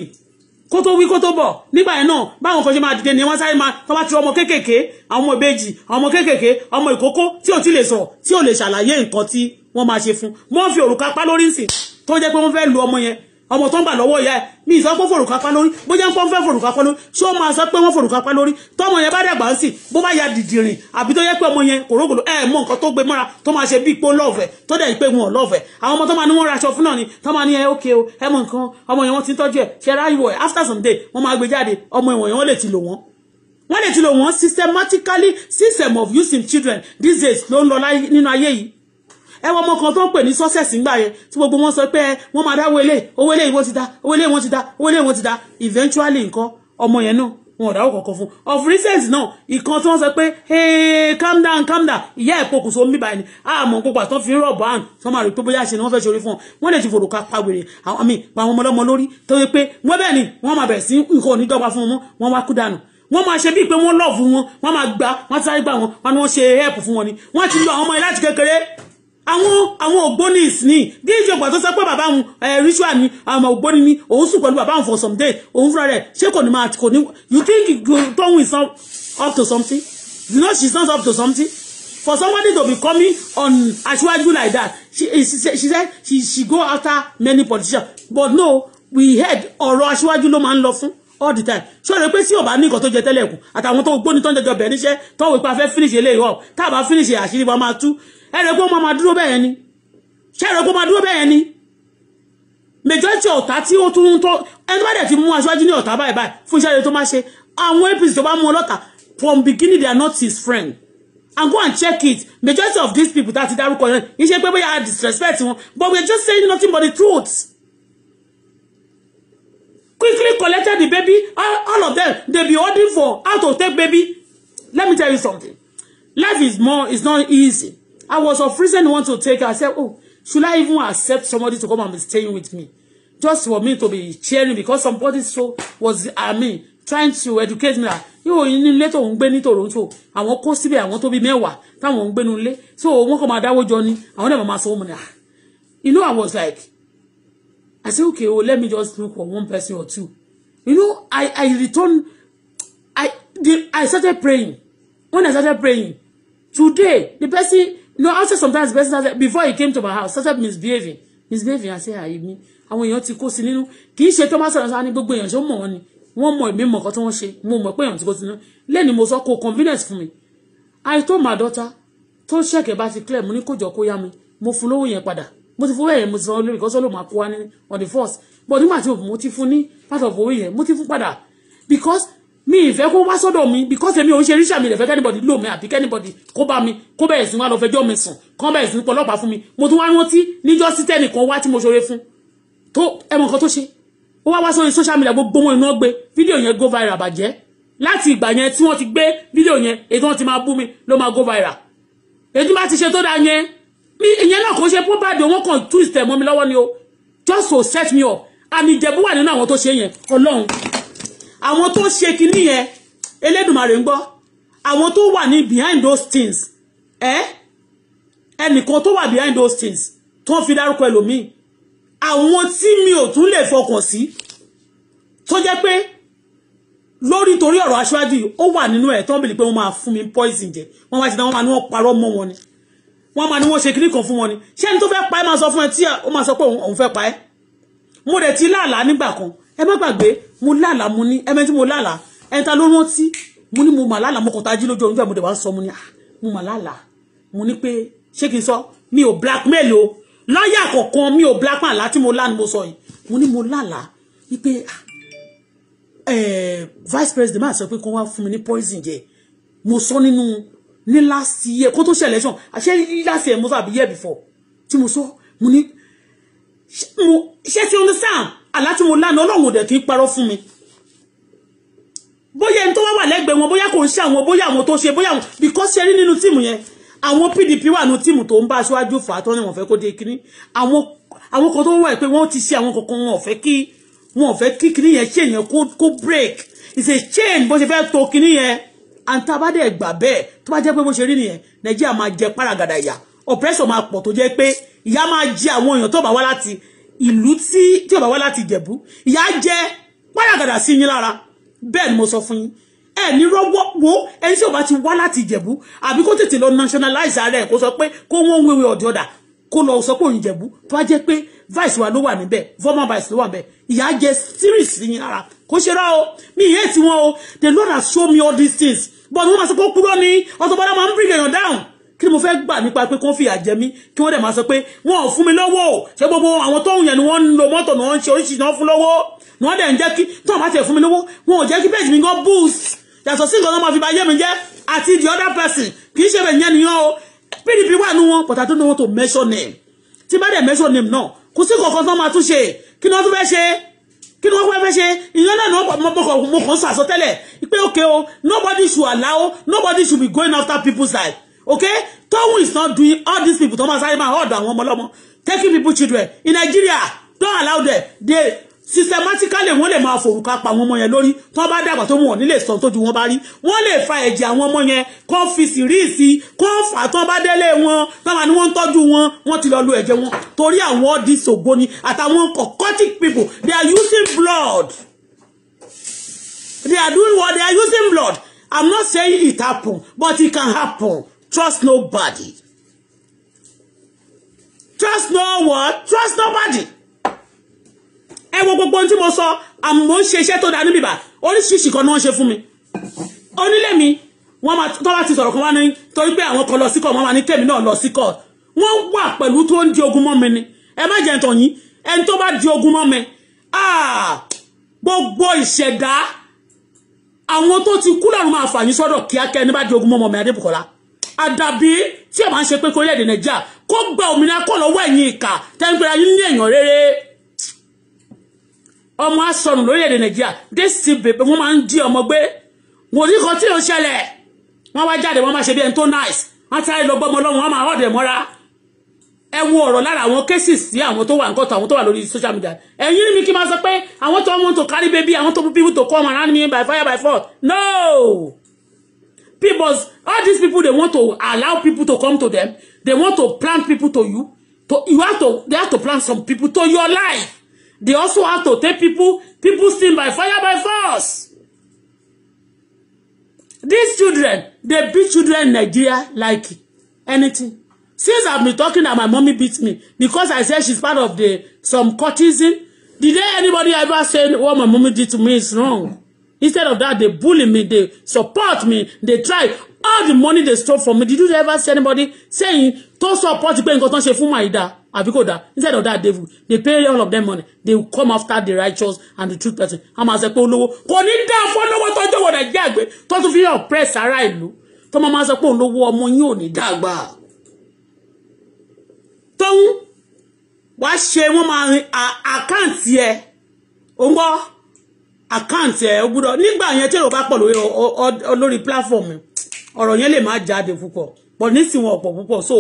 Speaker 1: kó tó wí kó tó bọ̀ nígbà yẹn náà báwọn kan ṣe máa dìde ní wọ́n sáré máa tó bá ti ọmọ kéékèèké àwọn ọmọ ìbejì àwọn ọmọ kéékèèké ọmọ ìkókó tí ò ti lè sọ̀rọ̀ tí ò lè ṣàlàyé nǹkan tí wọ́n máa ṣe fún wọ́n fi òrùka pa lórí nsìn tó jẹ́ pé wọ́n fẹ́ lu ọmọ yẹn ọmọ tó ń bà lọ́wọ́ ìyá ẹ̀ mi ìsọ pé fòrùkà pa lórí bóyá ń pọ́ fẹ́ fòrùkà pa lórí ṣé ó máa sọ pé wọ́n fòrùkà pa lórí tọ́mọ yẹn bá dàgbà ń sì bó bá ya dìdìrìn àbí tó yẹ pé ọmọ yẹn kòrókòrò ẹ mọ nǹkan tó gbé mọ́ra tó máa ṣe bí ipò lọ́ọ̀fẹ́ tó dẹ̀ pé wọn lọ́ọ̀fẹ́ àwọn ọmọ tó máa ní wọ́n raṣọ fún náà ni tó máa ní ẹ ókè o ẹ mọ nǹkan ọmọ after some day wọ́n máa gbé jáde ọmọ ìwọ̀n yẹn wọ́n lè ti lò systematically system of using children these days ló ń lọ nínú ẹ wọ ọmọ kan tó ń pè ní success ńgbà yẹn tí gbogbo wọn sọ pé wọn máa dáwọ́ ilé owó ilé ìwọ ti da owó ilé ìwọ ti da owó ilé ìwọ ti da eventually nǹkan ọmọ yẹn náà wọn ò dáwọ́ kankan fún of recent náà ìkan tó ń sọ pé hey calm down calm down ìyá ẹ̀ pokùnso ń bíbá ẹni àmọ́ púpà tó fi ń rọ̀ bán tó máa rí pé bóyá ṣe ni wọ́n fẹ́ ṣorí fún ọ wọ́n lè ti fòrùka pàwèrè àwọn mi pa àwọn ọmọlọ́mọ lórí tó yẹ pé wọ́n bẹ́ẹ̀ ni wọ́n máa bẹ̀rẹ̀ sí nǹkan onídọ́gba fún wọn wọ́n wá kú dànù wọ́n máa ṣe bíi pé wọ́n lọ́ọ̀fù wọn wọ́n máa gbà wọ́n sáré gbà wọn wọn ni wọ́n ṣe help fún wọn ni wọ́n ti lo àwọn ọmọ yẹn láti kékeré àwọn àwọn ògbónis ni díjọ gbà tó sọ pé bàbá òun eh, ritual ni àwọn ògbóni ni òun sùn pẹ̀lú bàbá òun for some day òun fúnra rẹ̀ ṣé kò ní máa kò ní you think tóun some up to something you know she is not up to something for somebody to be coming on aṣíwájú like that she she she said she she go after many politicians but no we heard ọ̀rọ̀ aṣíwájú ló máa ń lọ fún all the time ṣọ́ọ̀rẹ́ pé tí ọba ní nǹkan tó jẹ tẹ́lẹ̀ kù àtàwọn tó gbóni tó ń jẹjọ bẹ̀rẹ̀ níṣẹ́ tó wípé a fẹ́ finish eléyìí ọ̀ tá a bá finish àṣírí wa máa tú ẹ rẹ pé ó máa máa dúró bẹ́ẹ̀ yẹn ni ṣé ẹ rẹ pé ó máa dúró bẹ́ẹ̀ yẹn ni majority ọ̀tá tí ó tún tó ẹni bá dẹ̀ ti mú aṣáájú ní ọ̀tá báyìí báyìí fún iṣẹ́ rẹ tó máa ṣe àwọn APC tó bá mú ọlọ́ta from beginning they are not his friend and go and check it majority of these people that ti dárúkọ yẹn kì í ṣe pé bóyá disrespect wọn but we are just saying nothing but the truth quickly collected the baby all, all of them they be ordering for how to take baby let me tell you something life is more is not easy I was of reason want to take her. I said, oh, should I even accept somebody to come and be staying with me? Just for me to be cheering because somebody so was, I mean, trying to educate me that yóò inú ilé tó ń gbé ní Toronto àwọn kó síbẹ̀ àwọn tó bí mẹ́wàá táwọn ń gbé nu ilé so wọ́n kọ́ máa dáwọ́ jọ ni àwọn náà máa sanwó mu ni ah you know I was like I said, okay oh let me just look for one person or two you know I I returned. I the I started praying when I started praying today the person you know outside sometimes person started before he came to my house started misbehaving misbehaving I àìmí àwọn èèyàn ti kó sí nínú kì í ṣe tó máa sọ̀rọ̀ sáà ní gbogbo èèyàn ṣó mọ̀ wọn ni wọ́n mọ̀ èmi mọ̀ kan tí wọ́n ṣe mo mọ̀ pé èèyàn ti kó sí nínú lẹ́ni mo sọ kó convenience fún mi I told my daughter tó ṣẹ̀kẹ̀ bá ti clear mo ní kójọ kó yá mi mo fún lówó yẹn padà mo ti fún bẹ́ẹ̀ mo ti sanwó lórí kọ́sọ́ ló máa kó wá ní on the first but nígbà tí mo ti fún ní part of owó yẹn mo ti fún padà because mi ìfẹ́ kó wá sọ́dọ̀ mi because èmi ò ń ṣe ríṣà mi lè fẹ́ kẹ́nìbọ̀dì lò mí àbí kẹ́nìbọ̀dì kó bá mi kó bẹ̀rẹ̀ sí wá lọ fẹjọ́ mi sùn kán bẹ̀rẹ̀ sí ní pọlọ́pàá fún mi mo tún wá rántí níjọ́ sí tẹ́nìkan wá tí mo ṣoore fún tó ẹmọ nǹkan tó ṣe ó wá wá sórí social media gbogbo wọn iná gbé fídíò yẹn go viral bàjẹ́ láti ìgbà yẹn tí wọ́n ti gbé fídíò yẹn èyí tí wọ́n ti máa bú mi ló máa go viral èyí tí bá ti ṣe tó dáa yẹn mi ìyẹn náà kò ṣe pé báàdì wọn kàn twist ẹ̀ mọ́ mi lọ́wọ́ ni o just to set me up àmì ìjẹ̀bú wà nínú àwọn tó ṣe yẹn ọlọ́run àwọn tó ń ṣe kinní yẹn Elédùmarè ń gbọ́ àwọn tó wà ní behind those things ẹ ẹnìkan tó wà behind those things tó ń fi dárúkọ ẹlòmíì àwọn tí mi ò tún lè fọkàn sí tó jẹ́ pé lórí torí ọ̀rọ̀ aṣáájú ó wà nínú ẹ̀ tó ń bèèrè pé wọ́n máa fún mi poison jẹ wọ́n máa ti dá wọ́n máa ní wọ́n parọ́ mọ́ wọn ni wọ́n máa ní wọ́n ṣe kinní kan fún wọn ni ṣé ẹni tó fẹ́ pa ẹ́ máa sọ fún ẹ tí ó máa sọ pé òun fẹ́ pa ẹ́ mo dẹ̀ ti láàlá nígbà kan ẹ má gbàgbé mo lálàá mo ní ẹmẹ tí mo lálàá ẹni ta ló rántí mo ní mo mà lálàá mo kàn tá a jí lójú oorun bẹ́ẹ̀ mo dẹ̀ wá ń sọ mo ní ah, mo mà lálàá mo ní pé ṣé kí sọ mi ò blackmail o lọ́ọ̀yà kọ̀ọ̀kan mi ò blackmail láti mo lá ni mo sọ yìí mo ní mo lálàá wípé ah, eh, vice president máa sọ pé kó wá fún mi ní poison jẹ mo sọ nínú ní last year kó tó ṣe election àṣẹ last year mo sọ àbí year before tí mo sọ mo ní mo ṣe ti understand àlá tí mo lánàá ọlọ́run dẹ̀ kì í parọ́ fún mi bóyá ẹni tó wá wà lẹ́gbẹ̀ẹ́ wọn bóyá kò ń ṣe àwọn bóyá àwọn tó ṣe bóyá àwọn because ṣe rí nínú tíìmù yẹn àwọn PDP wà nínú tíìmù tó ń bá aṣáájú fà á tó ní wọn fẹ́ kó dé kíní àwọn àwọn kan tó wà pé wọ́n ti ṣe àwọn kankan wọn fẹ́ kí wọn fẹ́ kí kíní yẹn ṣe yẹn kó break it's a chain bó ṣe fẹ́ tó kíní yẹn àǹtá bá dẹ̀ gbà bẹ́ẹ̀ tó bá jẹ́ pé bó ṣe rí nìyẹn nàìjíríà máa jẹ páràgàdà ìyà oppressor máa pọ̀ tó jẹ́ pé ìyà máa jẹ àwọn èèyàn tó bá wá láti ìlú tí tí ò bá wá láti Ìjẹ̀bú ìyá jẹ́ pàyàgàdà sí yín lára bẹ́ẹ̀ ni mo sọ fún yín ẹ ní rọ́wọ́ wo ẹni tí ò ti wá láti Ìjẹ̀bú àbí kó tètè lọ nationalize ara ẹ̀ kó sọ pé kó wọ́n wéwé ọ̀dẹ̀ ọ̀dà kó lọ sọ pé òun Ìjẹ̀bú tó wá jẹ́ pé vice wa ló wà níbẹ̀ former vice ló wà níbẹ̀ ìyá jẹ́ series yín lára kò ṣe rá o mi ìyé tí o the Lord has shown me all these things but wọ́n máa sọ pé ó kúrò ní ọ̀sọ̀ bọ́dá máa ń bring èèyàn down kí ni mo fẹ́ gbà nípa pé kó fìyà jẹ mí kí wọ́n dẹ̀ máa sọ pé wọn ò fún mi lọ́wọ́ ṣé gbogbo àwọn tóun yẹn ni wọ́n ń lo mọ́tò ni wọ́n ń ṣe oríṣiríṣi náà fún lọ́wọ́ ni wọ́n dẹ̀ ń jẹ́ kí tóun bá tiẹ̀ fún mi lọ́wọ́ wọn ò jẹ́ kí page mi gan boost yàtọ̀ sí nǹkan tó máa fi ba yé mi jẹ́ àti the other person kì í ṣe bẹ̀ yẹn nìyẹn o pdp wà nù wọn but I don't know what to measure name tí bá dẹ̀ measure name náà kò sí kankan tó máa tún ṣe kí ni wọ́n tún fẹ́ ṣe kí ni wọ́n fẹ́ ṣe ìyẹn náà mo kàn sọ àsọtẹ́lẹ̀ pé okay o nobody should allow nobody should be going after people's life okay Tohun is not doing all these people Thomas, máa hold máa ọ̀dọ̀ àwọn taking people children in Nigeria don't allow them they systematically wọ́n lè máa forúkọ pa àwọn ọmọ yẹn lórí tó bá dàgbà tó mú wọn nílé sọ tójú wọn bá rí wọ́n lè fa ẹ̀jẹ̀ àwọn ọmọ yẹn kó fi sì rí sí kó fà tó bá délé wọn tó máa ní wọ́n ń tọ́jú wọn ti lọ lu ẹ̀jẹ̀ wọn torí àwọn ọ̀dìsògbó ni àtàwọn cocotic people they are using blood they are doing what they are using blood I'm not saying it happen but it can happen Trust nobody. Trust no one. Trust nobody. Ẹ wo gbogbo ohun tí mo sọ, àmọ́ mo ń ṣe iṣẹ́ tó dánú bíbà. Oríṣiríṣi kan ni wọ́n ṣe fún mi. Onílé mi, wọ́n máa tọ́ bá ti sọ̀rọ̀ kan wá ní torí pé àwọn kan lọ sí kọ̀, wọ́n máa ní kémi náà lọ sí kọ̀. Wọ́n wà pẹ̀lú tó ń di ogun mọ́ mi ni. Ẹ má jẹ́ ntọ̀ yín, ẹni tó bá di ogun mọ́ mi. Ah, gbogbo ìṣẹ̀dá àwọn tó ti kú lọ́run máa fà yín sọ́dọ̀ kíákẹ́ ní bá di ogun mọ́ mọ́ mi Adébùkọ́lá àdàbí tí a máa ń ṣe pé kórílẹ̀-èdè nàìjíríà kó gba òmìnira kó lọ́wọ́ ẹ̀yìn ìkà tẹ́ńpẹ́ra yín ní èèyàn rere ọmọ asọnù lórílẹ̀-èdè nàìjíríà dé sí bèbè wọ́n máa ń jí ọmọ gbé wò ní kan tí ò ṣẹlẹ̀ wọ́n wá jáde wọ́n máa ṣe bí ẹni tó nice wọ́n sáré lọ gbọ́mọ lọ́wọ́ wọ́n máa ọ̀dẹ̀ mọ́ra ẹ wo ọ̀rọ̀ lára àwọn kéésì sí àwọn tó wà nǹkan tó àwọn tó wà lórí social media ẹ̀yin ní mi kí n máa sọ pé àwọn tó want to carry baby àwọn tó people to come around me by fire by force no people, all these people, they want to allow people to come to them. They want to plant people to you. To, you have to, they have to plant some people to your life. They also have to take people, people sin by fire, by force. These children, they beat children in Nigeria like anything. Since I've been talking that my mommy beats me because I said she's part of the some courtesan, did anybody ever say what my mommy did to me is wrong? Instead of that, they bully me, they support me, they try. All the money they stole from me, did you ever see anybody saying, to support you, nǹkan tán she fool my dad? Àbí kò dáa. Instead of that, they, they pay all of them money. They will come after the righteous and the truth person. I'm as a pé olówó. Kò ní dáa fún olówó tọ́jú wọ̀ Nàìjíríà gbé. Tó tún fi oppress ará ìlú. arrive máa sọ pé olówó ọmọ yín ò ní dàgbà. Tóun wá ṣe wọ́n máa àkáǹtì ẹ̀. Ó ń gbọ́ àkáǹtì ẹ̀ ó gbúdọ̀ nígbà yẹn tèrò bá pọ̀ lórí lórí platform ọ̀rọ̀ yẹn lè má jáde púpọ̀ pọ̀ nísìnyí wọn ọ̀pọ̀ púpọ̀ so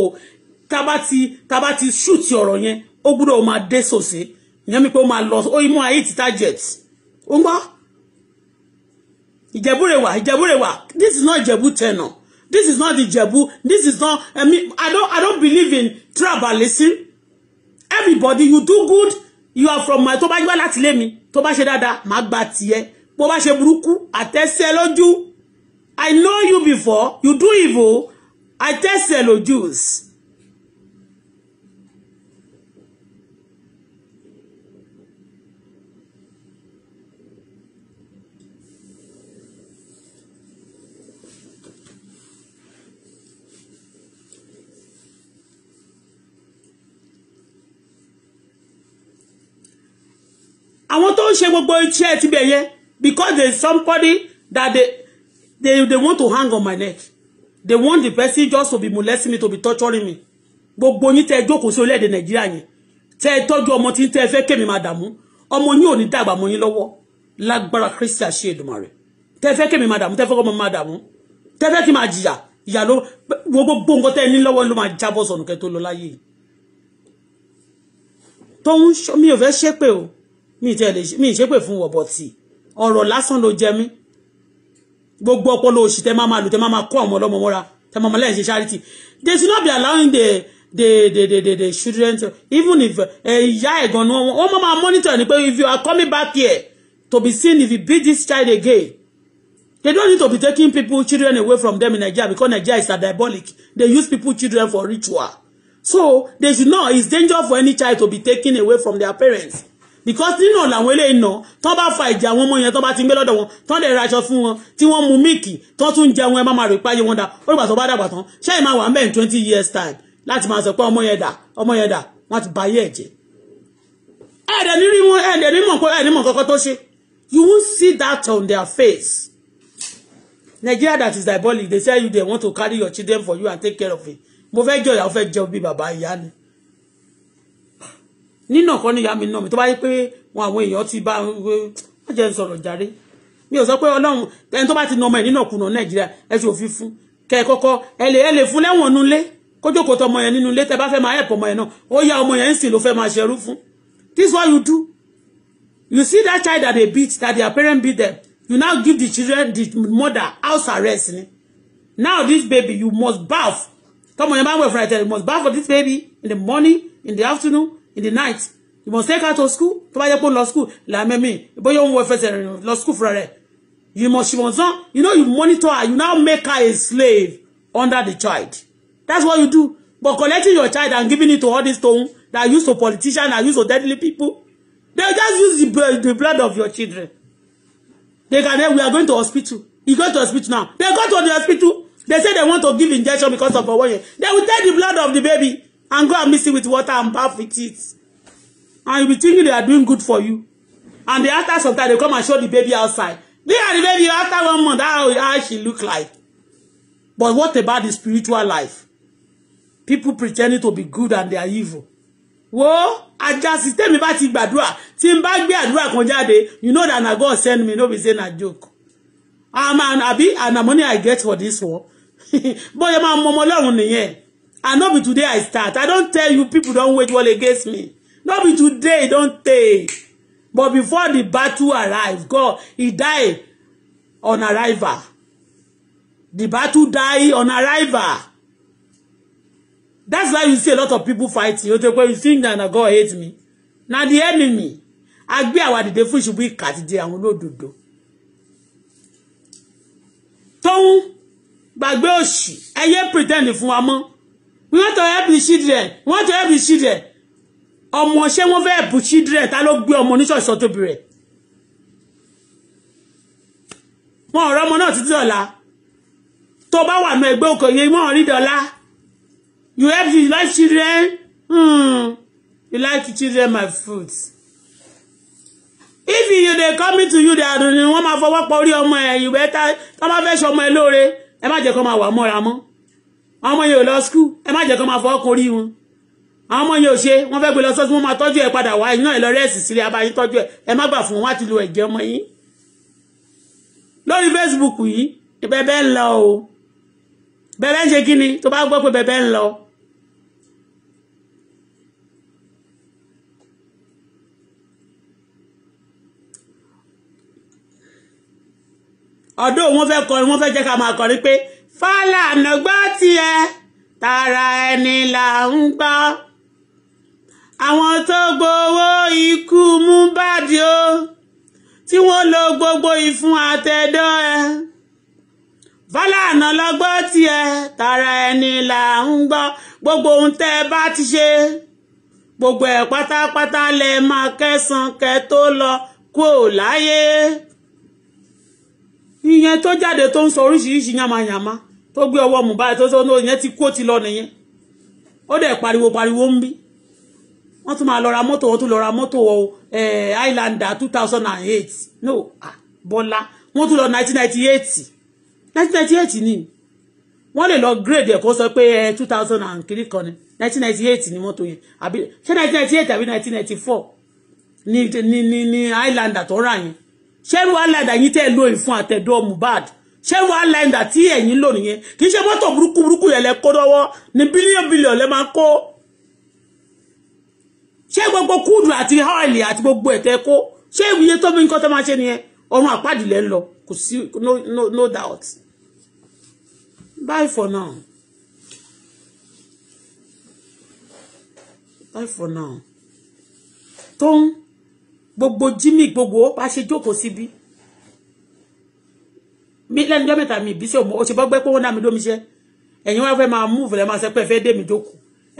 Speaker 1: tába ti tába ti shoot ọ̀rọ̀ yẹn ó gbúdọ̀ ó máa dé sòsè ìyẹn mi pé ó máa lọ ó imú ayé ti target ó ń gbọ́ ìjẹ̀búrẹ̀wà ìjẹ̀búrẹ̀wà this is not ìjẹ̀bú tẹ̀nà this is not ìjẹ̀bú this is not I mean I don't I don't believe in tribalism everybody you do good you are from my tó bá gbá láti lé mi tó bá ṣe dáadáa màá gba tiẹ̀ bó bá ṣe burúkú àtẹ́sẹ̀ lójú i know you before you do evil i tẹ́sẹ̀ lójú. àwọn tó ń ṣe gbogbo iṣẹ́ ti bẹ̀ yẹn because there is somebody that they, they they want to hang on my neck they want the person just to be molesting me to be torturing me gbogbo yín tẹ́ ẹ jókòó sí orílẹ̀-èdè nàìjíríà yẹn tẹ́ ẹ tọ́jú ọmọ tí tẹ́ ẹ fẹ́ kémi máa dààmú ọmọ yín ò ní dàgbà mọ́ yín lọ́wọ́ lágbára kristi àṣẹ Èdùmàrè tẹ́ ẹ fẹ́ kémi máa dààmú tẹ́ ẹ fẹ́ kọ́ ọmọ máa dààmú tẹ́ ẹ fẹ́ kí máa jìyà ìyà ló wo gbogbo nǹkan tẹ́ ẹ ní lọ́wọ́ ló máa jábọ́ sọ̀nù kẹ́ tó lọ láyé tó ń mi ò fẹ́ ṣépè o mi ìtẹ́ lè mi ìṣépè fún wọ̀bọ̀ tì ọ̀rọ̀ lásán ló jẹ mí gbogbo ọpọlọ òṣì tẹ máa máa lò tẹ máa máa kó àwọn ọlọ́mọ mọ́ra tẹ máa máa lẹ́yìn ṣe charity they should not be allowing the the the the the, children to even if eh, ya ẹ̀gàn ni wọ́n wọ́n máa monitor ni pé if you are coming back here to be seen if you beat this child again they don't need to be taking people children away from them in Nigeria because Nigeria is a diabolic they use people children for ritual so they should know it's dangerous for any child to be taken away from their parents because nínú làwọn eléyìí nà tán bá fa ìjà àwọn ọmọ yẹn tán bá ti gbé lọ́dọ̀ wọn tán lè raṣọ fún wọn tí wọ́n mu míìkì tán tún jẹun ẹ má máa rè páyé wọn dá ó dìgbà tó dàgbà tán ṣáà máa wà ń bẹ̀ ní twenty years time láti máa sọ pé ọmọ yẹn dà ọmọ yẹn dà wọ́n ti ba ayé ẹ̀ jẹ́ ẹ̀ẹ́dẹ̀ ní rí wọn ẹ̀ẹ́dẹ̀ ní mọ̀ pé ẹ̀ẹ́dẹ̀ mọ̀ kọ́kọ́ tó ṣe you won't see that on their face Nigeria that is diabolic they tell you they want to carry your children for you and take care of it mo fẹ́ jọ̀yà ó fẹ́ jẹun bí bàbá ìyá ni nínà kọ́ níyà mi náà mi tó bá yẹ pé wọn àwọn èèyàn ti bá wọn jẹ́ ń sọ̀rọ̀ jàre mi ò sọ pé ọlọ́run ẹni tó bá ti nà ọmọ ẹ̀ nínà kùnà nàìjíríà ẹ ṣe òfin fún kẹ́ ẹ kọ́kọ́ ẹ lè ẹ lè fún lẹ́wọ̀n nulẹ̀ kójókòó tọ ọmọ yẹn nínú ilé tẹ bá fẹ́ máa ẹ̀pọ̀ ọmọ yẹn náà ó yá ọmọ yẹn ń sìn ló fẹ́ máa ṣerú fún this what you do you see that child that they beat that their parents beat them you now give the children the mother house arrest ni now this baby you must baff tọmọ yẹn bá wẹ̀ fúnra ẹ̀ tẹ̀ you must baff for this baby in the morning in the afternoon in the night you must take her to school to buy your kó lọ school me. bóyá òun wọ fẹsẹ̀ rìn lọ school fúnra rẹ̀ you must she must you know you monitor her you now make her a slave under the child that's what you do but collecting your child and giving it to all these stone that use to politicians that use to deadly people they just use the, the blood of your children they can we are going to hospital you go to hospital now they go to the hospital they say they want to give injection because of awoye they will take the blood of the baby and go and mix it with water and bath with it and you'll be thinking they are doing good for you and the after sometimes they come and show the baby outside they are the baby after one month how, how she look like but what about the spiritual life people pretending to be good and they are evil wo ajasi tèmi bá ti gbàdúrà tí n bá gbé àdúrà kan jáde you know that God send me no be saying a joke I'm an abi and the money I get for this one bóyá máa mọ ọmọ Ọlọ́run nìyẹn I no be today i start i don tell you people don wage war against me no be today don tey but before the battle arrive god he die on arrival the battle die on arrival that's why you see a lot of people fighting you know you think na na god hate me na the enemy agbe awa dìde fún ìṣubú ìkà dìde àwọn olódodo tóun gbàgbé òṣì ẹyẹ pretend fún wa mọ́ we want to help the children we want to help the children ọmọ ṣé wọ́n fẹ́ help children ta ló gbé ọmọ oníṣọ̀ṣọ́ tóbi rẹ̀ wọn ọ̀rọ̀ ọmọ náà títí ọ̀la tó bá wà ní ẹgbẹ́ òkè yẹn mọ́ rí dọ́là you help you like children hmm. you like children my fruit if you dey come to you dey adùn ni wọ́n máa fọwọ́ pa orí ọmọ ẹ̀ you better tó bá fẹ́ ṣe ọmọ ẹ lóore ẹ má jẹ́ kó máa wà mọ́ra mọ́ àwọn ọmọ yẹn ò lọ skul ẹ má jẹ́ kó máa fọwọ́ kan orí wọn àwọn ọmọ yẹn ò ṣe wọ́n fẹ́ gbé lọ sọ́sí wọ́n máa tọ́jú ẹ̀ padà wá iná ẹ̀ lọ rẹ́ẹ̀sì sílé abayín tọ́jú ẹ̀ ẹ má gbà fún wọn àti lo ẹ̀jẹ̀ ọmọ yín lórí Facebook yìí bẹ́ẹ̀ ń lọ o bẹ́ẹ̀ ń ṣe kí ni tó bá gbọ́ pé bẹ́ẹ̀ ń lọ. ọ̀dọ́ wọn fẹ́ kọrin wọ́n fẹ́ jẹ́ ká máa kọrin pé fọlànà gbọ́ tiẹ̀ tara ẹni là ń gbọ́ àwọn tó gbowó ikú Mohbad o tí wọ́n lo gbogbo ìfun àtẹ̀dọ́ ẹ fọlànà lọ́gbọ́ tiẹ̀ tara ẹni là ń gbọ́ gbogbo ohun tẹ́ ẹ bá ti ṣe gbogbo ẹ̀ pátápátá lẹ máa kẹsàn-án kẹ tó lọ kó o láyé ìyẹn tó jáde tó ń sọ oríṣiríṣi yàmàyàmá tó gbé ọwọ́ Mohbad tó tó yẹn ti kú ti lọ nìyẹn ó dẹ̀ pariwo pariwo ń bí wọ́n tún máa lọ mọ́tò wọ́n tún lọ mọ́tò eh, two thousand no ah, Bọ́lá wọ́n tún lọ nineteen ninety eight nineteen ninety ni wọ́n lè lọ grade ẹ̀ sọ pé eh, two thousand and kan ni nineteen ninety eight ni mọ́tò yẹn àbí ṣé nineteen ninety eight àbí nineteen ninety four ṣé one liner tí ẹ̀yin lò nìyẹn kì í ṣe mọ́tò burúkú burúkú yẹn lẹ kó lọ́wọ́ ní bílíọ̀n bílíọ̀n lẹ máa kó ṣé gbogbo kúùdù àti ọ́ìlì àti gbogbo ẹ̀tẹ́ kó ṣé iye tó bí nǹkan tó máa ṣe nìyẹn ọ̀run àpáàdìlẹ̀ ń lọ kò sí no no no doubt bye for now bye for now tó ń gbogbo Jimmy gbogbo bá ṣe jókòó síbi bí lẹ́nu jọ́ mẹ́ta mi ìbísẹ̀ òmò ó ti bọ́gbẹ́ pé wọ́n dá mi lómi iṣẹ́ ẹ̀yin wá fẹ́ máa múùfù lẹ́ máa sọ pé ẹ fẹ́ dé mi jókòó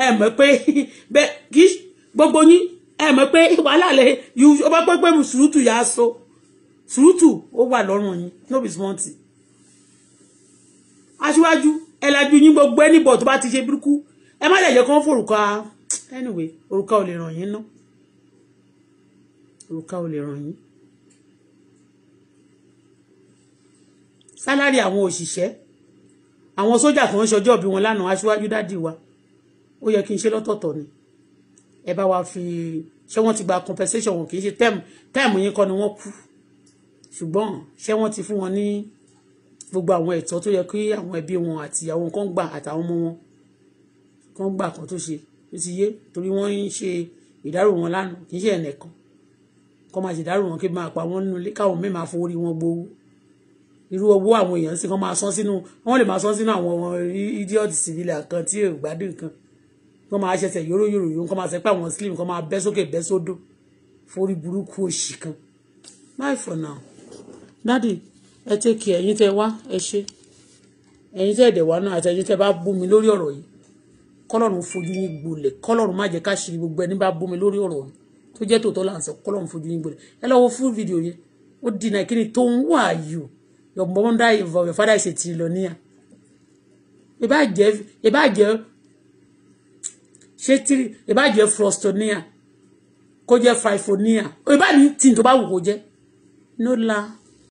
Speaker 1: ẹ mọ̀ pé bẹ́ẹ̀ kí gbogbo yín ẹ mọ̀ pé wàhálà lẹ You bá pẹ́ pé sùúrùtù yà á so sùúrùtù ó wà lọ́rùn yín no be small thing aṣíwájú ẹ lajú yín gbogbo ẹni bọ̀ tó bá ti ṣe burúkú ẹ má lè jẹ́ kán fòrùka anyway òrùka ò lè ràn yín ná òrùka ò lè ràn yín. sálárì àwọn òṣìṣẹ́ àwọn sójà kan ṣọjọ́ bí wọn lánàá aṣíwájú dádì wa ó yẹ kí n ṣe lọ́tọ̀ọ̀tọ̀ ni ẹ bá wa fi ṣé wọ́n ti gba compensation wọn kì í ṣe tẹ́ẹ̀mù tẹ́ẹ̀mù yín kọ́ ni wọ́n kú ṣùgbọ́n ṣé wọ́n ti fún wọn ní gbogbo àwọn ẹ̀tọ́ tó yẹ kí àwọn ẹbí wọn àti àwọn kan gbà àtàwọn ọmọ wọn kan gbà kan tó ṣe ó ti yé torí wọ́n ń ṣe ìdárò wọn lánàá kì í ṣe ẹ̀nẹ̀kan kọ́ máa ṣèdárò wọn kí máa pa wọ́n nínú ilé káwọn mẹ́ẹ̀ máa fowó wọn gbowó irú owó àwọn èèyàn sì kan máa san sínú wọ́n lè máa san sínú àwọn idiot civilian kan tí èrò gbádùn kan wọ́n máa ṣẹ̀ṣẹ̀ yóró yòrò yòrò kan máa sẹ́pẹ́ àwọn slim kan máa bẹ́ sókè bẹ́ sódò forí burúkú òṣì kan bye for now dádì ẹ take care ẹ̀yin tẹ́ wá ẹ ṣe ẹ̀yin tẹ́ ẹ̀dẹ̀ wá náà àti ẹ̀yin tẹ́ bá bú mi lórí ọ̀rọ̀ yìí kọ́lọ́run fojú yín gbolẹ̀ kọ́lọ́run má jẹ́ ká ṣe gbogbo ẹni bá bú mi lórí ọ̀rọ̀ yìí tó jẹ́ tòótọ́ là ń fojú yín gbolẹ̀ ẹ lọ wo full video yẹn ó dínà kí ni tó ń wà your mother involved your father is a trillionaire ìbá jẹ́ ìbá jẹ́ ṣé tiri ìbá jẹ́ frustonia kó jẹ́ fifonia ìbá ní tí n tó bá wù kó jẹ́ no la.